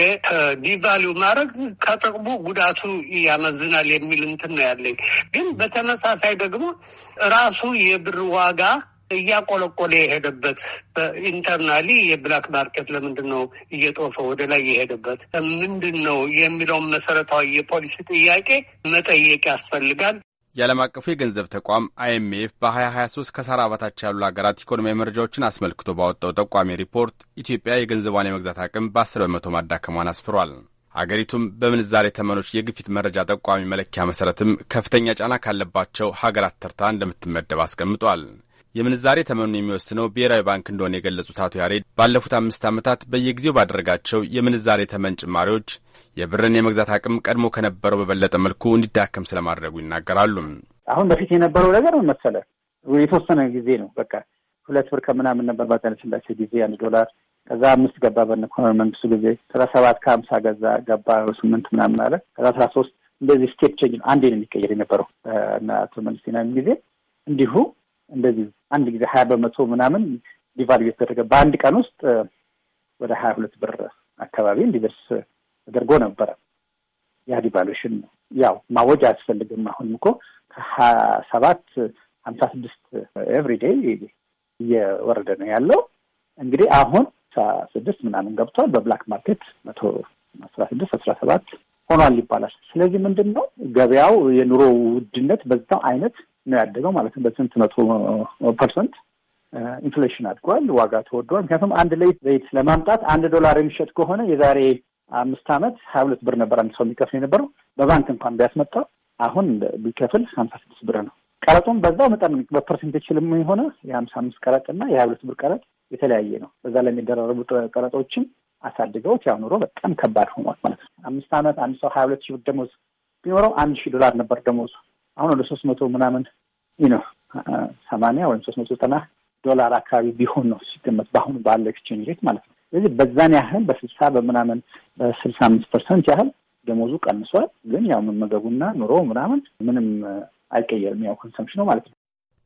ዲቫሊው ማድረግ ከጥቅሙ ጉዳቱ ያመዝናል የሚል እንትን ነው ያለኝ። ግን በተመሳሳይ ደግሞ ራሱ የብር ዋጋ እያቆለቆለ የሄደበት ኢንተርናሊ የብላክ ማርኬት ለምንድን ነው እየጦፈ ወደ ላይ የሄደበት ምንድን ነው የሚለውን መሰረታዊ የፖሊሲ ጥያቄ መጠየቅ ያስፈልጋል። የዓለም አቀፉ የገንዘብ ተቋም አይኤምኤፍ በ2023 ከሰሃራ በታች ያሉ ሀገራት ኢኮኖሚያዊ መረጃዎችን አስመልክቶ ባወጣው ጠቋሚ ሪፖርት ኢትዮጵያ የገንዘቧን የመግዛት አቅም በ10 በመቶ ማዳከሟን አስፍሯል። አገሪቱም በምንዛሬ ተመኖች የግፊት መረጃ ጠቋሚ መለኪያ መሰረትም ከፍተኛ ጫና ካለባቸው ሀገራት ተርታ እንደምትመደብ አስቀምጧል። የምንዛሬ ተመኑን የሚወስነው ብሔራዊ ባንክ እንደሆነ የገለጹት አቶ ያሬድ ባለፉት አምስት ዓመታት በየጊዜው ባደረጋቸው የምንዛሬ ተመን ጭማሪዎች የብርን የመግዛት አቅም ቀድሞ ከነበረው በበለጠ መልኩ እንዲዳከም ስለማድረጉ ይናገራሉ። አሁን በፊት የነበረው ነገር ምን መሰለ፣ የተወሰነ ጊዜ ነው። በቃ ሁለት ብር ከምናምን ነበር ባጠነችላቸው ጊዜ አንድ ዶላር፣ ከዛ አምስት ገባ በነ መንግስቱ ጊዜ፣ ስራ ሰባት ከሀምሳ ገዛ ገባ ስምንት ምናምን አለ፣ ከዛ አስራ ሶስት እንደዚህ ስቴፕ ቼንጅ ነው። አንዴ ነው የሚቀየር የነበረው እና አቶ መለስ ዜናዊ ጊዜ እንዲሁ እንደዚህ አንድ ጊዜ ሀያ በመቶ ምናምን ዲቫል እየተደረገ በአንድ ቀን ውስጥ ወደ ሀያ ሁለት ብር አካባቢ እንዲደርስ ተደርጎ ነበረ። ያ ዲቫሉሽን ነው። ያው ማወጅ አያስፈልግም። አሁንም እኮ ከሀያ ሰባት ሀምሳ ስድስት ኤቭሪ ዴይ እየወረደ ነው ያለው። እንግዲህ አሁን አስራ ስድስት ምናምን ገብቷል። በብላክ ማርኬት መቶ አስራ ስድስት አስራ ሰባት ሆኗል ይባላል። ስለዚህ ምንድን ነው ገበያው የኑሮ ውድነት በዛው አይነት ነው ያደገው ማለት ነው። በስንት መቶ ፐርሰንት ኢንፍሌሽን አድጓል። ዋጋ ተወዷል። ምክንያቱም አንድ ሌት ዘይት ለማምጣት አንድ ዶላር የሚሸጥ ከሆነ የዛሬ አምስት ዓመት ሀያ ሁለት ብር ነበር አንድ ሰው የሚከፍል የነበረው በባንክ እንኳን ቢያስመጣው አሁን ቢከፍል ሀምሳ ስድስት ብር ነው። ቀረጡም በዛው መጠን በፐርሰንቴጅ የሆነ የሀምሳ አምስት ቀረጥ እና የሀያ ሁለት ብር ቀረጥ የተለያየ ነው። በዛ ላይ የሚደራረቡ ቀረጦችን አሳድገውት ያው ኑሮ በጣም ከባድ ሆኗል ማለት ነው። አምስት ዓመት አንድ ሰው ሀያ ሁለት ሺህ ብር ደሞዝ ቢኖረው አንድ ሺህ ዶላር ነበር ደሞዙ አሁን ወደ ሶስት መቶ ምናምን ነው ሰማንያ ወይም ሶስት መቶ ዘጠና ዶላር አካባቢ ቢሆን ነው ሲገመት በአሁኑ ባለ ኤክስቼንጅ ሬት ማለት ነው። ስለዚህ በዛን ያህል በስልሳ በምናምን በስልሳ አምስት ፐርሰንት ያህል ደሞዙ ቀንሷል። ግን ያው መመገቡና ኑሮ ምናምን ምንም አይቀየርም። ያው ኮንሰምሽን ነው ማለት ነው።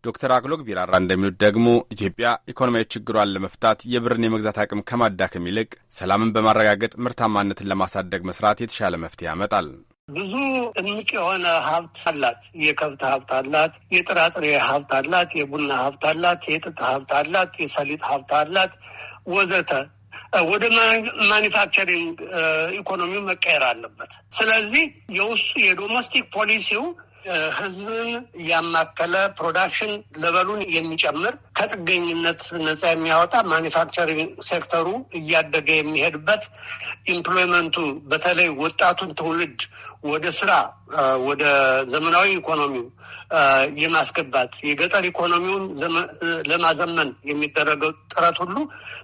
ዶክተር አክሎግ ቢራራ እንደሚሉት ደግሞ ኢትዮጵያ ኢኮኖሚያዊ ችግሯን ለመፍታት የብርን የመግዛት አቅም ከማዳከም ይልቅ ሰላምን በማረጋገጥ ምርታማነትን ለማሳደግ መስራት የተሻለ መፍትሄ ያመጣል። ብዙ እምቅ የሆነ ሀብት አላት። የከብት ሀብት አላት፣ የጥራጥሬ ሀብት አላት፣ የቡና ሀብት አላት፣ የጥጥ ሀብት አላት፣ የሰሊጥ ሀብት አላት ወዘተ። ወደ ማኒፋክቸሪንግ ኢኮኖሚው መቀየር አለበት። ስለዚህ የውስጡ የዶሜስቲክ ፖሊሲው ህዝብን ያማከለ ፕሮዳክሽን ለበሉን የሚጨምር ከጥገኝነት ነጻ የሚያወጣ ማኒፋክቸሪንግ ሴክተሩ እያደገ የሚሄድበት ኢምፕሎይመንቱ በተለይ ወጣቱን ትውልድ ወደ ስራ ወደ ዘመናዊ ኢኮኖሚው የማስገባት የገጠር ኢኮኖሚውን ለማዘመን የሚደረገው ጥረት ሁሉ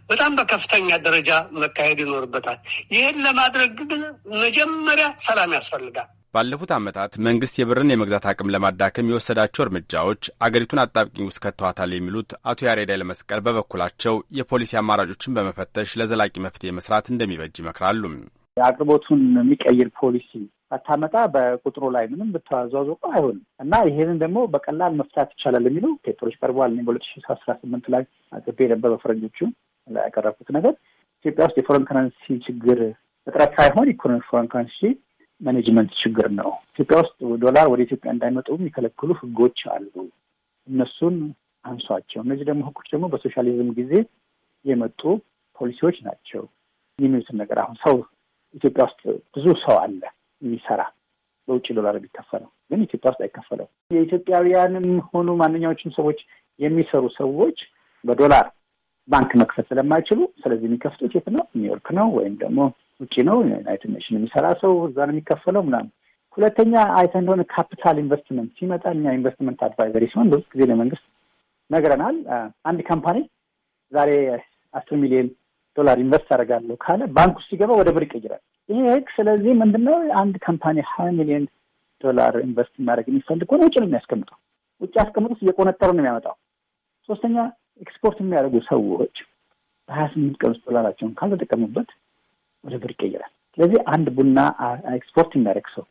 በጣም በከፍተኛ ደረጃ መካሄድ ይኖርበታል። ይህን ለማድረግ ግን መጀመሪያ ሰላም ያስፈልጋል። ባለፉት ዓመታት መንግስት የብርን የመግዛት አቅም ለማዳከም የወሰዳቸው እርምጃዎች አገሪቱን አጣብቂኝ ውስጥ ከተዋታል የሚሉት አቶ ያሬድ ኃይለመስቀል በበኩላቸው የፖሊሲ አማራጮችን በመፈተሽ ለዘላቂ መፍትሄ መስራት እንደሚበጅ ይመክራሉ። አቅርቦቱን የሚቀይር ፖሊሲ አታመጣ በቁጥሩ ላይ ምንም ብታዟዙ አይሆንም እና ይሄንን ደግሞ በቀላል መፍታት ይቻላል የሚሉ ፔፐሮች ቀርበዋል። በሁለት ሺ አስራ ስምንት ላይ አጽፌ ነበር በፈረንጆቹ ላይ ያቀረብኩት ነገር ኢትዮጵያ ውስጥ የፎረን ከረንሲ ችግር እጥረት ሳይሆን ኢኮኖሚ ፎረን ከረንሲ ማኔጅመንት ችግር ነው። ኢትዮጵያ ውስጥ ዶላር ወደ ኢትዮጵያ እንዳይመጡ የሚከለክሉ ህጎች አሉ። እነሱን አንሷቸው። እነዚህ ደግሞ ህጎች ደግሞ በሶሻሊዝም ጊዜ የመጡ ፖሊሲዎች ናቸው የሚሉትን ነገር አሁን ሰው ኢትዮጵያ ውስጥ ብዙ ሰው አለ የሚሰራ በውጭ ዶላር የሚከፈለው ግን ኢትዮጵያ ውስጥ አይከፈለው። የኢትዮጵያውያንም ሆኑ ማንኛዎችን ሰዎች የሚሰሩ ሰዎች በዶላር ባንክ መክፈት ስለማይችሉ ስለዚህ የሚከፍቱት የት ነው? ኒውዮርክ ነው ወይም ደግሞ ውጭ ነው። ዩናይትድ ኔሽን የሚሰራ ሰው እዛ ነው የሚከፈለው ምናምን። ሁለተኛ አይተ እንደሆነ ካፒታል ኢንቨስትመንት ሲመጣ እኛ ኢንቨስትመንት አድቫይዘሪ ሲሆን በብዙ ጊዜ ለመንግስት ነግረናል። አንድ ካምፓኒ ዛሬ አስር ሚሊዮን ዶላር ኢንቨስት አደርጋለሁ ካለ ባንክ ውስጥ ሲገባ ወደ ብር ይቀይራል። ይሄ ህግ ስለዚህ ምንድነው አንድ ካምፓኒ ሀያ ሚሊዮን ዶላር ኢንቨስት ማድረግ የሚፈልግ ከሆነ ውጭ ነው የሚያስቀምጠው። ውጭ አስቀምጦ እየቆነጠሩ ነው የሚያመጣው። ሶስተኛ ኤክስፖርት የሚያደርጉ ሰዎች በሀያ ስምንት ቀን ውስጥ ዶላራቸውን ካልተጠቀሙበት ወደ ብር ይቀይራል። ስለዚህ አንድ ቡና ኤክስፖርት የሚያደርግ ሰው፣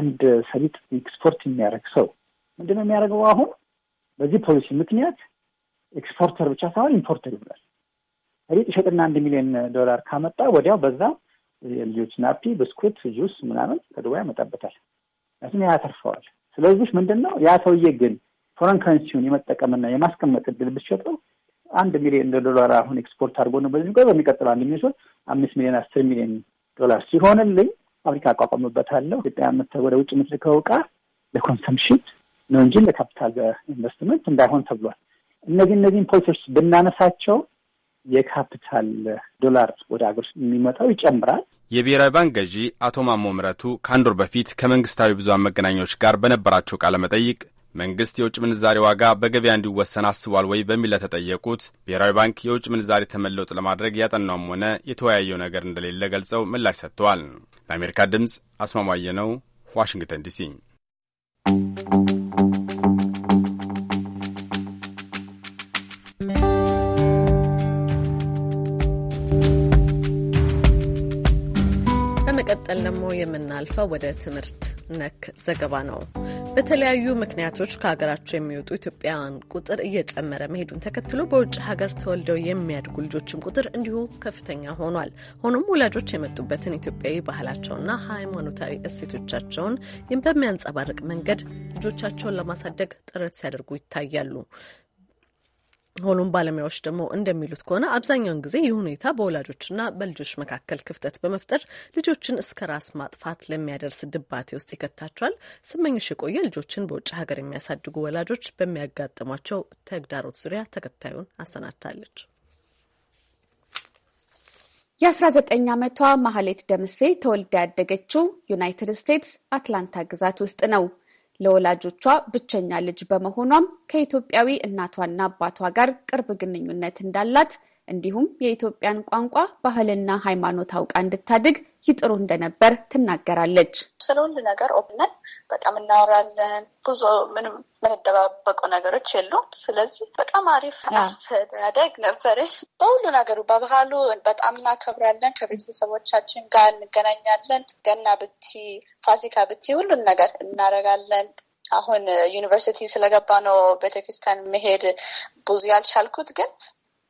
አንድ ሰሊጥ ኤክስፖርት የሚያደርግ ሰው ምንድነው የሚያደርገው? አሁን በዚህ ፖሊሲ ምክንያት ኤክስፖርተር ብቻ ሳይሆን ኢምፖርተር ይብላል። ሰሊጥ ሸጥና አንድ ሚሊዮን ዶላር ካመጣ ወዲያው በዛ የልጆች ናፒ፣ ብስኩት፣ ጁስ ምናምን ከዱባይ ያመጣበታል። ያቱም ያተርፈዋል። ስለዚህ ምንድን ነው ያ ሰውዬ ግን ፎረን ከረንሲውን የመጠቀምና የማስቀመጥ እድል ብትሸጠው አንድ ሚሊዮን ዶላር አሁን ኤክስፖርት አድርጎ ነው በዚህ ጋር በሚቀጥለው አንድ ሚሊዮን አምስት ሚሊዮን አስር ሚሊዮን ዶላር ሲሆንልኝ ፋብሪካ አቋቋምበታለሁ። ኢትዮጵያ ወደ ውጭ የምትልከው እቃ ለኮንሰምሽን ነው እንጂ ለካፒታል ኢንቨስትመንት እንዳይሆን ተብሏል። እነዚህ እነዚህን ፖሊሶች ብናነሳቸው የካፒታል ዶላር ወደ ሀገር ውስጥ የሚመጣው ይጨምራል። የብሔራዊ ባንክ ገዢ አቶ ማሞ ምረቱ ከአንድ ወር በፊት ከመንግስታዊ ብዙሀን መገናኛዎች ጋር በነበራቸው ቃለ መጠይቅ መንግስት የውጭ ምንዛሬ ዋጋ በገበያ እንዲወሰን አስቧል ወይ በሚል ለተጠየቁት ብሔራዊ ባንክ የውጭ ምንዛሬ ተመለውጥ ለማድረግ ያጠናውም ሆነ የተወያየው ነገር እንደሌለ ገልጸው ምላሽ ሰጥተዋል። ለአሜሪካ ድምፅ አስማማየ ነው፣ ዋሽንግተን ዲሲ በመቀጠል ደግሞ የምናልፈው ወደ ትምህርት ነክ ዘገባ ነው። በተለያዩ ምክንያቶች ከሀገራቸው የሚወጡ ኢትዮጵያውያን ቁጥር እየጨመረ መሄዱን ተከትሎ በውጭ ሀገር ተወልደው የሚያድጉ ልጆችም ቁጥር እንዲሁ ከፍተኛ ሆኗል። ሆኖም ወላጆች የመጡበትን ኢትዮጵያዊ ባህላቸውና ሃይማኖታዊ እሴቶቻቸውን በሚያንጸባርቅ መንገድ ልጆቻቸውን ለማሳደግ ጥረት ሲያደርጉ ይታያሉ። ሆኖም ባለሙያዎች ደግሞ እንደሚሉት ከሆነ አብዛኛውን ጊዜ ይህ ሁኔታ በወላጆችና በልጆች መካከል ክፍተት በመፍጠር ልጆችን እስከ ራስ ማጥፋት ለሚያደርስ ድባቴ ውስጥ ይከታቸዋል። ስመኝሽ የቆየ ልጆችን በውጭ ሀገር የሚያሳድጉ ወላጆች በሚያጋጥሟቸው ተግዳሮት ዙሪያ ተከታዩን አሰናድታለች። የ19 ዓመቷ ማህሌት ደምሴ ተወልዳ ያደገችው ዩናይትድ ስቴትስ አትላንታ ግዛት ውስጥ ነው። ለወላጆቿ ብቸኛ ልጅ በመሆኗም ከኢትዮጵያዊ እናቷና አባቷ ጋር ቅርብ ግንኙነት እንዳላት እንዲሁም የኢትዮጵያን ቋንቋ ባህልና ሃይማኖት አውቃ እንድታድግ ይጥሩ እንደነበር ትናገራለች። ስለ ሁሉ ነገር ኦብነን በጣም እናወራለን። ብዙ ምንም የምንደባበቁ ነገሮች የሉም። ስለዚህ በጣም አሪፍ አስተዳደግ ነበር በሁሉ ነገሩ በባህሉ በጣም እናከብራለን። ከቤተሰቦቻችን ጋር እንገናኛለን። ገና ብቲ፣ ፋሲካ ብቲ ሁሉን ነገር እናደርጋለን። አሁን ዩኒቨርሲቲ ስለገባ ነው ቤተክርስቲያን መሄድ ብዙ ያልቻልኩት፣ ግን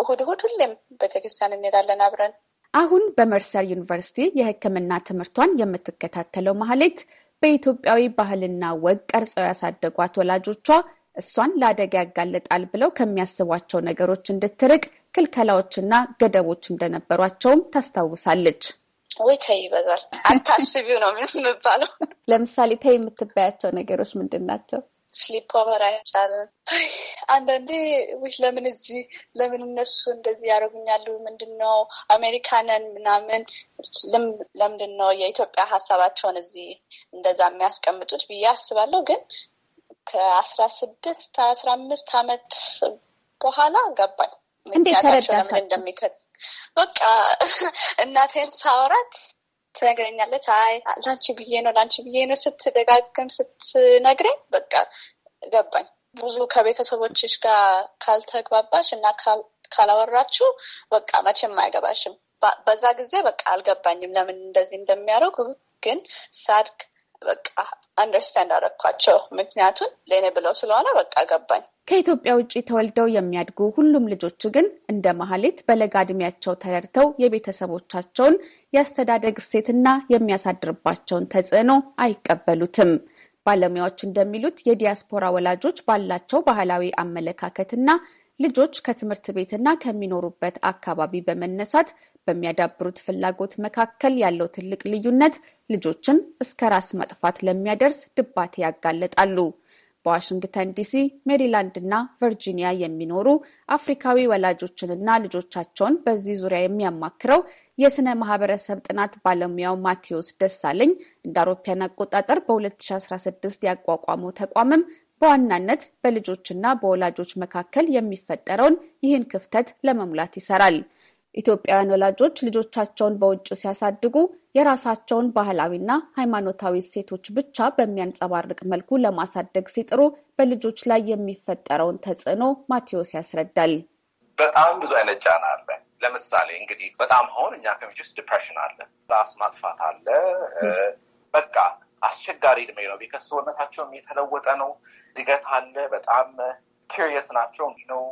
እሁድ እሁድ ሁሌም ቤተክርስቲያን እንሄዳለን አብረን። አሁን በመርሰር ዩኒቨርሲቲ የሕክምና ትምህርቷን የምትከታተለው ማህሌት በኢትዮጵያዊ ባህልና ወግ ቀርጸው ያሳደጓት ወላጆቿ እሷን ለአደጋ ያጋልጣል ብለው ከሚያስቧቸው ነገሮች እንድትርቅ ክልከላዎችና ገደቦች እንደነበሯቸውም ታስታውሳለች። ወይ ተይ ይበዛል፣ አታስቢው ነው የምንባለው። ለምሳሌ ተይ የምትባያቸው ነገሮች ምንድን ናቸው? ስሊፕ ኦቨር አይቻልም። አንዳንዴ ውይ ለምን እዚህ ለምን እነሱ እንደዚህ ያደርጉኛሉ? ምንድን ነው አሜሪካንን ምናምን ለምንድን ነው የኢትዮጵያ ሀሳባቸውን እዚህ እንደዛ የሚያስቀምጡት ብዬ አስባለሁ። ግን ከአስራ ስድስት አስራ አምስት አመት በኋላ ገባኝ ምክንያታቸው ለምን እንደሚከት በቃ እናቴን ሳወራት ትነግረኛለች። አይ ላንቺ ብዬ ነው ላንቺ ብዬ ነው ስትደጋግም ስትነግረኝ በቃ ገባኝ። ብዙ ከቤተሰቦችሽ ጋር ካልተግባባሽ እና ካላወራችሁ በቃ መቼም አይገባሽም። በዛ ጊዜ በቃ አልገባኝም ለምን እንደዚህ እንደሚያደርጉ ግን ሳድግ በቃ አንደርስታንድ አደረግኳቸው ምክንያቱን ለእኔ ብለው ስለሆነ በቃ ገባኝ። ከኢትዮጵያ ውጭ ተወልደው የሚያድጉ ሁሉም ልጆች ግን እንደ መሀሌት በለጋ እድሜያቸው ተረድተው የቤተሰቦቻቸውን የአስተዳደግ እሴትና የሚያሳድርባቸውን ተጽዕኖ አይቀበሉትም። ባለሙያዎች እንደሚሉት የዲያስፖራ ወላጆች ባላቸው ባህላዊ አመለካከትና ልጆች ከትምህርት ቤትና ከሚኖሩበት አካባቢ በመነሳት በሚያዳብሩት ፍላጎት መካከል ያለው ትልቅ ልዩነት ልጆችን እስከ ራስ መጥፋት ለሚያደርስ ድባቴ ያጋለጣሉ። በዋሽንግተን ዲሲ፣ ሜሪላንድ ና ቨርጂኒያ የሚኖሩ አፍሪካዊ ወላጆችንና ልጆቻቸውን በዚህ ዙሪያ የሚያማክረው የስነ ማህበረሰብ ጥናት ባለሙያው ማቴዎስ ደሳለኝ እንደ አውሮፓውያን አቆጣጠር በ2016 ያቋቋመው ተቋምም በዋናነት በልጆችና በወላጆች መካከል የሚፈጠረውን ይህን ክፍተት ለመሙላት ይሰራል። ኢትዮጵያውያን ወላጆች ልጆቻቸውን በውጭ ሲያሳድጉ የራሳቸውን ባህላዊና ሃይማኖታዊ እሴቶች ብቻ በሚያንጸባርቅ መልኩ ለማሳደግ ሲጥሩ በልጆች ላይ የሚፈጠረውን ተጽዕኖ ማቴዎስ ያስረዳል። በጣም ብዙ አይነት ጫና አለ። ለምሳሌ እንግዲህ በጣም አሁን እኛ ከሚች ውስጥ ዲፕሬሽን አለ፣ ራስ ማጥፋት አለ። በቃ አስቸጋሪ እድሜ ነው። ቢከስ ሰውነታቸውም የተለወጠ ነው። ድገት አለ። በጣም ኪሪየስ ናቸው ነው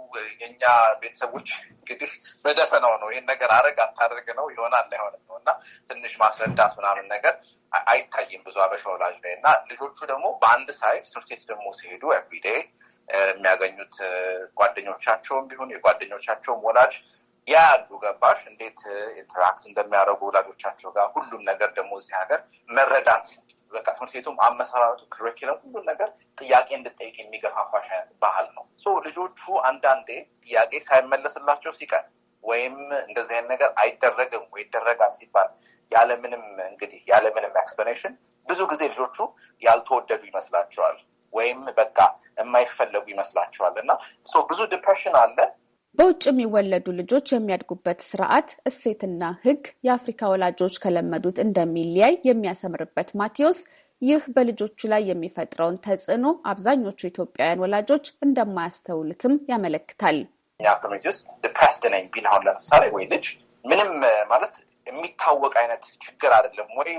የእኛ ቤተሰቦች እንግዲህ በደፈነው ነው ይህን ነገር አረግ አታደርግ ነው ይሆናል አይሆንም ነው እና ትንሽ ማስረዳት ምናምን ነገር አይታይም ብዙ አበሻ ወላጅ ላይ እና ልጆቹ ደግሞ በአንድ ሳይድ ትምህርት ቤት ደግሞ ሲሄዱ ኤቭሪዴ የሚያገኙት ጓደኞቻቸውም ቢሆን የጓደኞቻቸውም ወላጅ ያ ያሉ ገባሽ እንዴት ኢንተራክት እንደሚያደርጉ ወላጆቻቸው ጋር ሁሉም ነገር ደግሞ እዚህ ሀገር መረዳት በቃ ትምህርት ቤቱም አመሰራረቱ፣ ክሪኪለም፣ ሁሉን ነገር ጥያቄ እንድጠይቅ የሚገፋፋሽ ባህል ነው። ልጆቹ አንዳንዴ ጥያቄ ሳይመለስላቸው ሲቀር ወይም እንደዚህ አይነት ነገር አይደረግም ወይ ይደረጋል ሲባል ያለምንም እንግዲህ ያለምንም ኤክስፕላኔሽን ብዙ ጊዜ ልጆቹ ያልተወደዱ ይመስላቸዋል ወይም በቃ የማይፈለጉ ይመስላቸዋል እና ብዙ ዲፕሬሽን አለ። በውጭ የሚወለዱ ልጆች የሚያድጉበት ስርዓት እሴትና ህግ የአፍሪካ ወላጆች ከለመዱት እንደሚለያይ የሚያሰምርበት ማቴዎስ ይህ በልጆቹ ላይ የሚፈጥረውን ተጽዕኖ አብዛኞቹ ኢትዮጵያውያን ወላጆች እንደማያስተውሉትም ያመለክታል። ያ ኮሚኒቲ ውስጥ ነኝ ቢል አሁን ለምሳሌ ወይ ልጅ ምንም ማለት የሚታወቅ አይነት ችግር አይደለም ወይ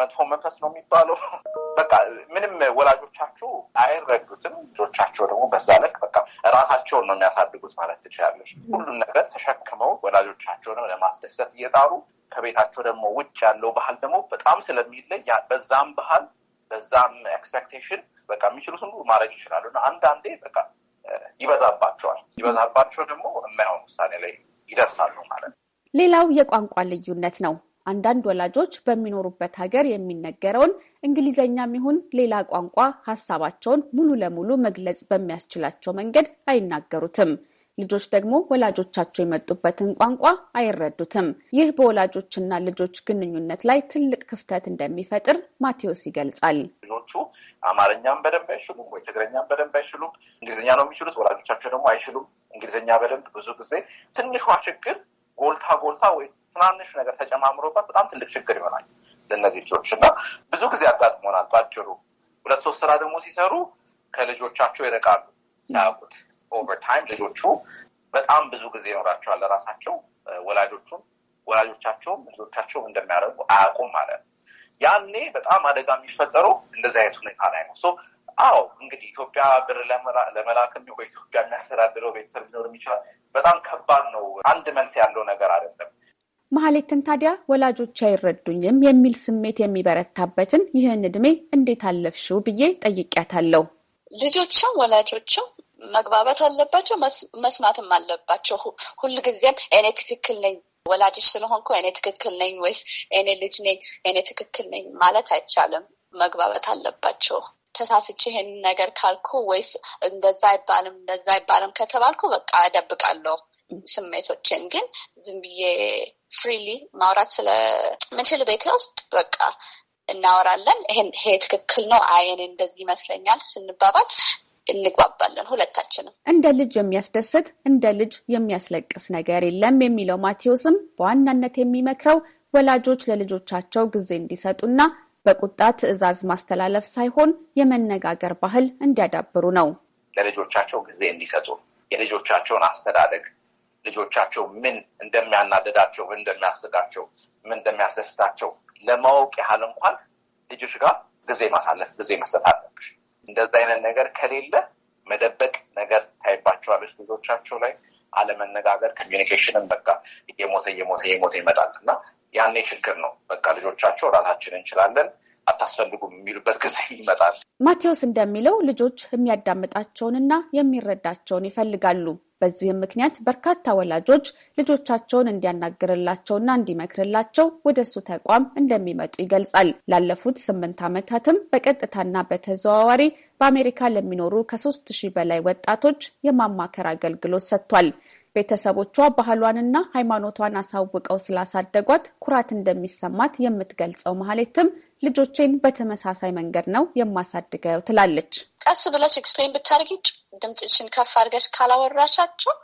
መጥፎ መንፈስ ነው የሚባለው። [laughs] በቃ ምንም ወላጆቻችሁ አይረዱትም፣ ልጆቻቸው ደግሞ በዛ ልክ በቃ ራሳቸውን ነው የሚያሳድጉት ማለት ትችላለች። ሁሉም ነገር ተሸክመው ወላጆቻቸውንም ለማስደሰት እየጣሩ ከቤታቸው ደግሞ ውጭ ያለው ባህል ደግሞ በጣም ስለሚለይ በዛም ባህል በዛም ኤክስፔክቴሽን በቃ የሚችሉት ሁሉ ማድረግ ይችላሉ እና አንዳንዴ በቃ ይበዛባቸዋል። ይበዛባቸው ደግሞ የማይሆን ውሳኔ ላይ ይደርሳሉ ማለት ነው። ሌላው የቋንቋ ልዩነት ነው። አንዳንድ ወላጆች በሚኖሩበት ሀገር የሚነገረውን እንግሊዘኛም ይሁን ሌላ ቋንቋ ሀሳባቸውን ሙሉ ለሙሉ መግለጽ በሚያስችላቸው መንገድ አይናገሩትም። ልጆች ደግሞ ወላጆቻቸው የመጡበትን ቋንቋ አይረዱትም። ይህ በወላጆችና ልጆች ግንኙነት ላይ ትልቅ ክፍተት እንደሚፈጥር ማቴዎስ ይገልጻል። ልጆቹ አማርኛም በደንብ አይችሉም ወይ ትግረኛም በደንብ አይችሉም። እንግሊዝኛ ነው የሚችሉት፣ ወላጆቻቸው ደግሞ አይችሉም እንግሊዝኛ በደንብ ብዙ ጊዜ ትንሿ ችግር ጎልታ ጎልታ ወይ ትናንሽ ነገር ተጨማምሮባት በጣም ትልቅ ችግር ይሆናል ለእነዚህ ልጆች እና ብዙ ጊዜ አጋጥሞናል። በአጭሩ ሁለት ሶስት ስራ ደግሞ ሲሰሩ ከልጆቻቸው ይርቃሉ ሳያውቁት። ኦቨርታይም ልጆቹ በጣም ብዙ ጊዜ ይኖራቸዋል ለራሳቸው ወላጆቹም ወላጆቻቸውም ልጆቻቸውም እንደሚያደርጉ አያውቁም ማለት ነው። ያኔ በጣም አደጋ የሚፈጠረው እንደዚህ አይነት ሁኔታ ላይ ነው። አዎ እንግዲህ ኢትዮጵያ ብር ለመላክ እንዲሁ ኢትዮጵያ የሚያስተዳድረው ቤተሰብ ሊኖር ይችላል። በጣም ከባድ ነው። አንድ መልስ ያለው ነገር አይደለም። መሀሌትን ታዲያ ወላጆች አይረዱኝም የሚል ስሜት የሚበረታበትን ይህን እድሜ እንዴት አለፍሽው ብዬ ጠይቄያታለሁ። ልጆችም ወላጆችም መግባባት አለባቸው፣ መስማትም አለባቸው። ሁልጊዜም እኔ ትክክል ነኝ ወላጆች ስለሆንኩ እኔ ትክክል ነኝ ወይስ እኔ ልጅ ነኝ እኔ ትክክል ነኝ ማለት አይቻልም። መግባባት አለባቸው። ተሳስቼ ይሄን ነገር ካልኩ ወይስ እንደዛ አይባልም እንደዛ አይባልም ከተባልኩ በቃ እደብቃለሁ ስሜቶችን። ግን ዝም ብዬ ፍሪሊ ማውራት ስለምችል ቤት ውስጥ በቃ እናወራለን። ይሄ ትክክል ነው፣ አይን እንደዚህ ይመስለኛል ስንባባል እንግባባለን ሁለታችንም። እንደ ልጅ የሚያስደስት እንደ ልጅ የሚያስለቅስ ነገር የለም የሚለው ማቴዎስም በዋናነት የሚመክረው ወላጆች ለልጆቻቸው ጊዜ እንዲሰጡና በቁጣ ትዕዛዝ ማስተላለፍ ሳይሆን የመነጋገር ባህል እንዲያዳብሩ ነው። ለልጆቻቸው ጊዜ እንዲሰጡ የልጆቻቸውን አስተዳደግ ልጆቻቸው ምን እንደሚያናደዳቸው፣ ምን እንደሚያስዳቸው፣ ምን እንደሚያስደስታቸው ለማወቅ ያህል እንኳን ልጆች ጋር ጊዜ ማሳለፍ፣ ጊዜ መስጠት አለብሽ። እንደዚ አይነት ነገር ከሌለ መደበቅ ነገር ታይባቸዋለች ልጆቻቸው ላይ አለመነጋገር፣ ኮሚኒኬሽንን በቃ እየሞተ እየሞተ እየሞተ ይመጣል እና ያኔ ችግር ነው። በቃ ልጆቻቸው ራሳችን እንችላለን አታስፈልጉም የሚሉበት ጊዜ ይመጣል። ማቴዎስ እንደሚለው ልጆች የሚያዳምጣቸውንና የሚረዳቸውን ይፈልጋሉ። በዚህም ምክንያት በርካታ ወላጆች ልጆቻቸውን እንዲያናግርላቸውና እንዲመክርላቸው ወደ እሱ ተቋም እንደሚመጡ ይገልጻል። ላለፉት ስምንት ዓመታትም በቀጥታና በተዘዋዋሪ በአሜሪካ ለሚኖሩ ከሶስት ሺህ በላይ ወጣቶች የማማከር አገልግሎት ሰጥቷል። ቤተሰቦቿ ባህሏንና ሃይማኖቷን አሳውቀው ስላሳደጓት ኩራት እንደሚሰማት የምትገልጸው መሀሌትም ልጆቼን በተመሳሳይ መንገድ ነው የማሳድገው ትላለች። ቀስ ብለሽ ኤክስፕሌን ብታደርጊ ድምፅሽን ከፍ አድርገሽ ካላወራሻቸው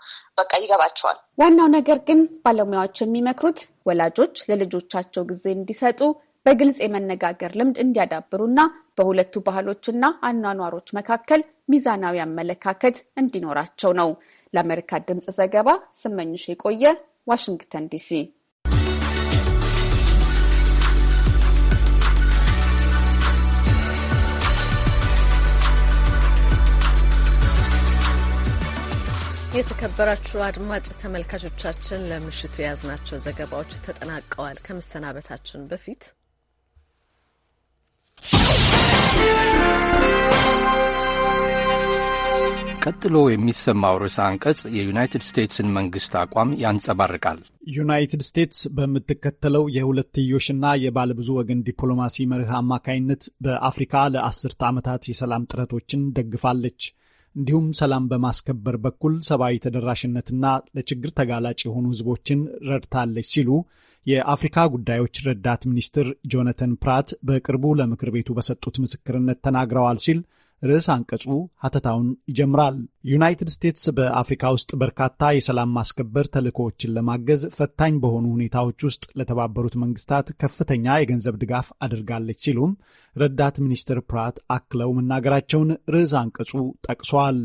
በቃ ይገባቸዋል። ዋናው ነገር ግን ባለሙያዎች የሚመክሩት ወላጆች ለልጆቻቸው ጊዜ እንዲሰጡ በግልጽ የመነጋገር ልምድ እንዲያዳብሩና በሁለቱ ባህሎችና አኗኗሮች መካከል ሚዛናዊ አመለካከት እንዲኖራቸው ነው። ለአሜሪካ ድምፅ ዘገባ ስመኝሽ የቆየ ዋሽንግተን ዲሲ። የተከበራችሁ አድማጭ ተመልካቾቻችን ለምሽቱ የያዝናቸው ዘገባዎች ተጠናቀዋል። ከመሰናበታችን በፊት ቀጥሎ የሚሰማው ርዕሰ አንቀጽ የዩናይትድ ስቴትስን መንግስት አቋም ያንጸባርቃል። ዩናይትድ ስቴትስ በምትከተለው የሁለትዮሽና የባለብዙ ወገን ዲፕሎማሲ መርህ አማካይነት በአፍሪካ ለአስርተ ዓመታት የሰላም ጥረቶችን ደግፋለች። እንዲሁም ሰላም በማስከበር በኩል ሰብአዊ ተደራሽነትና ለችግር ተጋላጭ የሆኑ ህዝቦችን ረድታለች ሲሉ የአፍሪካ ጉዳዮች ረዳት ሚኒስትር ጆነተን ፕራት በቅርቡ ለምክር ቤቱ በሰጡት ምስክርነት ተናግረዋል ሲል ርዕስ አንቀጹ ሀተታውን ይጀምራል። ዩናይትድ ስቴትስ በአፍሪካ ውስጥ በርካታ የሰላም ማስከበር ተልእኮዎችን ለማገዝ ፈታኝ በሆኑ ሁኔታዎች ውስጥ ለተባበሩት መንግስታት ከፍተኛ የገንዘብ ድጋፍ አድርጋለች ሲሉም ረዳት ሚኒስትር ፕራት አክለው መናገራቸውን ርዕስ አንቀጹ ጠቅሷል።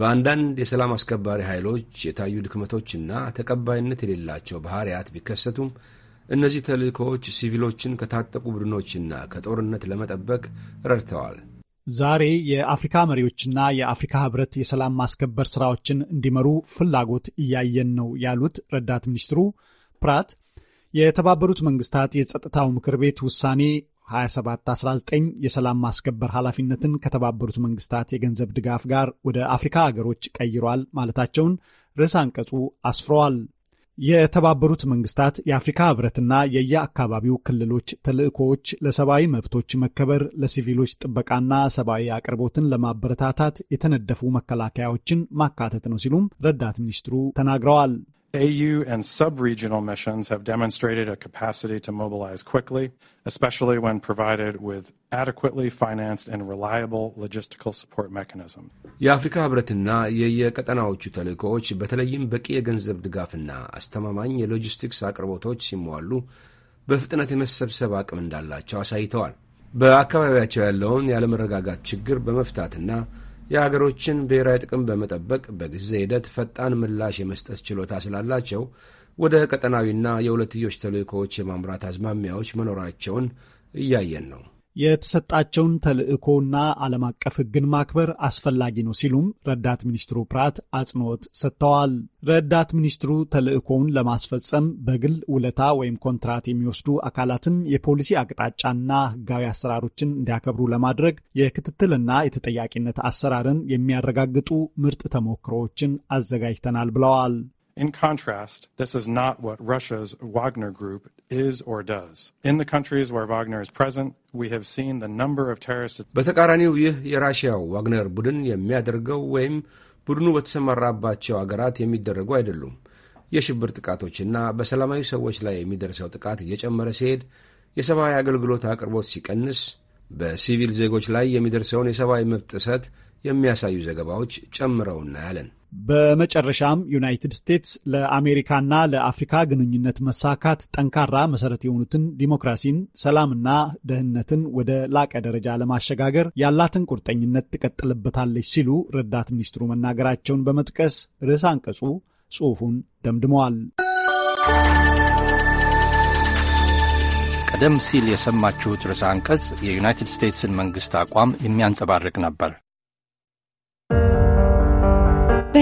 በአንዳንድ የሰላም አስከባሪ ኃይሎች የታዩ ድክመቶችና ተቀባይነት የሌላቸው ባህሪያት ቢከሰቱም እነዚህ ተልእኮዎች ሲቪሎችን ከታጠቁ ቡድኖችና ከጦርነት ለመጠበቅ ረድተዋል። ዛሬ የአፍሪካ መሪዎችና የአፍሪካ ህብረት የሰላም ማስከበር ስራዎችን እንዲመሩ ፍላጎት እያየን ነው ያሉት ረዳት ሚኒስትሩ ፕራት የተባበሩት መንግስታት የጸጥታው ምክር ቤት ውሳኔ 2719 የሰላም ማስከበር ኃላፊነትን ከተባበሩት መንግስታት የገንዘብ ድጋፍ ጋር ወደ አፍሪካ አገሮች ቀይሯል ማለታቸውን ርዕስ አንቀጹ አስፍረዋል። የተባበሩት መንግስታት የአፍሪካ ህብረትና የየአካባቢው ክልሎች ተልዕኮዎች ለሰብአዊ መብቶች መከበር፣ ለሲቪሎች ጥበቃና ሰብአዊ አቅርቦትን ለማበረታታት የተነደፉ መከላከያዎችን ማካተት ነው ሲሉም ረዳት ሚኒስትሩ ተናግረዋል። AU and sub-regional missions have demonstrated a capacity to mobilize quickly, especially when provided with adequately financed and reliable logistical support mechanisms. የአፍሪካ ህብረትና የየቀጠናዎቹ ተልእኮዎች በተለይም በቂ የገንዘብ ድጋፍና አስተማማኝ የሎጂስቲክስ አቅርቦቶች ሲሟሉ በፍጥነት የመሰብሰብ አቅም እንዳላቸው አሳይተዋል። በአካባቢያቸው ያለውን ያለመረጋጋት ችግር በመፍታትና የአገሮችን ብሔራዊ ጥቅም በመጠበቅ በጊዜ ሂደት ፈጣን ምላሽ የመስጠት ችሎታ ስላላቸው ወደ ቀጠናዊና የሁለትዮሽ ተልእኮዎች የማምራት አዝማሚያዎች መኖራቸውን እያየን ነው። የተሰጣቸውን ተልዕኮና ዓለም አቀፍ ሕግን ማክበር አስፈላጊ ነው ሲሉም ረዳት ሚኒስትሩ ፕራት አጽንኦት ሰጥተዋል። ረዳት ሚኒስትሩ ተልዕኮውን ለማስፈጸም በግል ውለታ ወይም ኮንትራት የሚወስዱ አካላትም የፖሊሲ አቅጣጫና ሕጋዊ አሰራሮችን እንዲያከብሩ ለማድረግ የክትትልና የተጠያቂነት አሰራርን የሚያረጋግጡ ምርጥ ተሞክሮዎችን አዘጋጅተናል ብለዋል። In contrast, this is not what Russia's Wagner Group is or does. In the countries where Wagner is present, we have seen the number of terrorist በተቃራኒው ይህ የራሽያው ዋግነር ቡድን የሚያደርገው ወይም ቡድኑ በተሰማራባቸው አገራት የሚደረጉ አይደሉም። የሽብር ጥቃቶችና በሰላማዊ ሰዎች ላይ የሚደርሰው ጥቃት እየጨመረ ሲሄድ፣ የሰብአዊ አገልግሎት አቅርቦት ሲቀንስ፣ በሲቪል ዜጎች ላይ የሚደርሰውን የሰብአዊ መብት ጥሰት የሚያሳዩ ዘገባዎች ጨምረው እናያለን። በመጨረሻም ዩናይትድ ስቴትስ ለአሜሪካና ለአፍሪካ ግንኙነት መሳካት ጠንካራ መሰረት የሆኑትን ዲሞክራሲን፣ ሰላምና ደህንነትን ወደ ላቀ ደረጃ ለማሸጋገር ያላትን ቁርጠኝነት ትቀጥልበታለች ሲሉ ረዳት ሚኒስትሩ መናገራቸውን በመጥቀስ ርዕስ አንቀጹ ጽሑፉን ደምድመዋል። ቀደም ሲል የሰማችሁት ርዕስ አንቀጽ የዩናይትድ ስቴትስን መንግስት አቋም የሚያንጸባርቅ ነበር።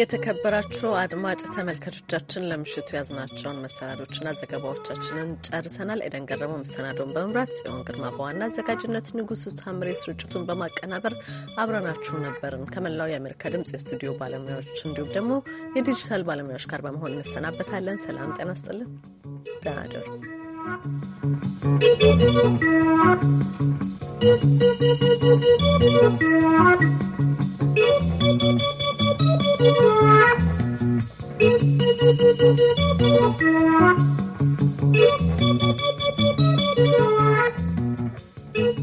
የተከበራችሁ አድማጭ ተመልካቾቻችን ለምሽቱ ያዝናቸውን መሰናዶችና ዘገባዎቻችንን ጨርሰናል። ኤደን ገረመው መሰናዶውን በመምራት ጽዮን ግርማ በዋና አዘጋጅነት፣ ንጉሱ ታምሬ ስርጭቱን በማቀናበር አብረናችሁ ነበርን። ከመላው የአሜሪካ ድምጽ የስቱዲዮ ባለሙያዎች እንዲሁም ደግሞ የዲጂታል ባለሙያዎች ጋር በመሆን እንሰናበታለን። ሰላም ጤና ስጥልን። ደህና ደሩ Thank you.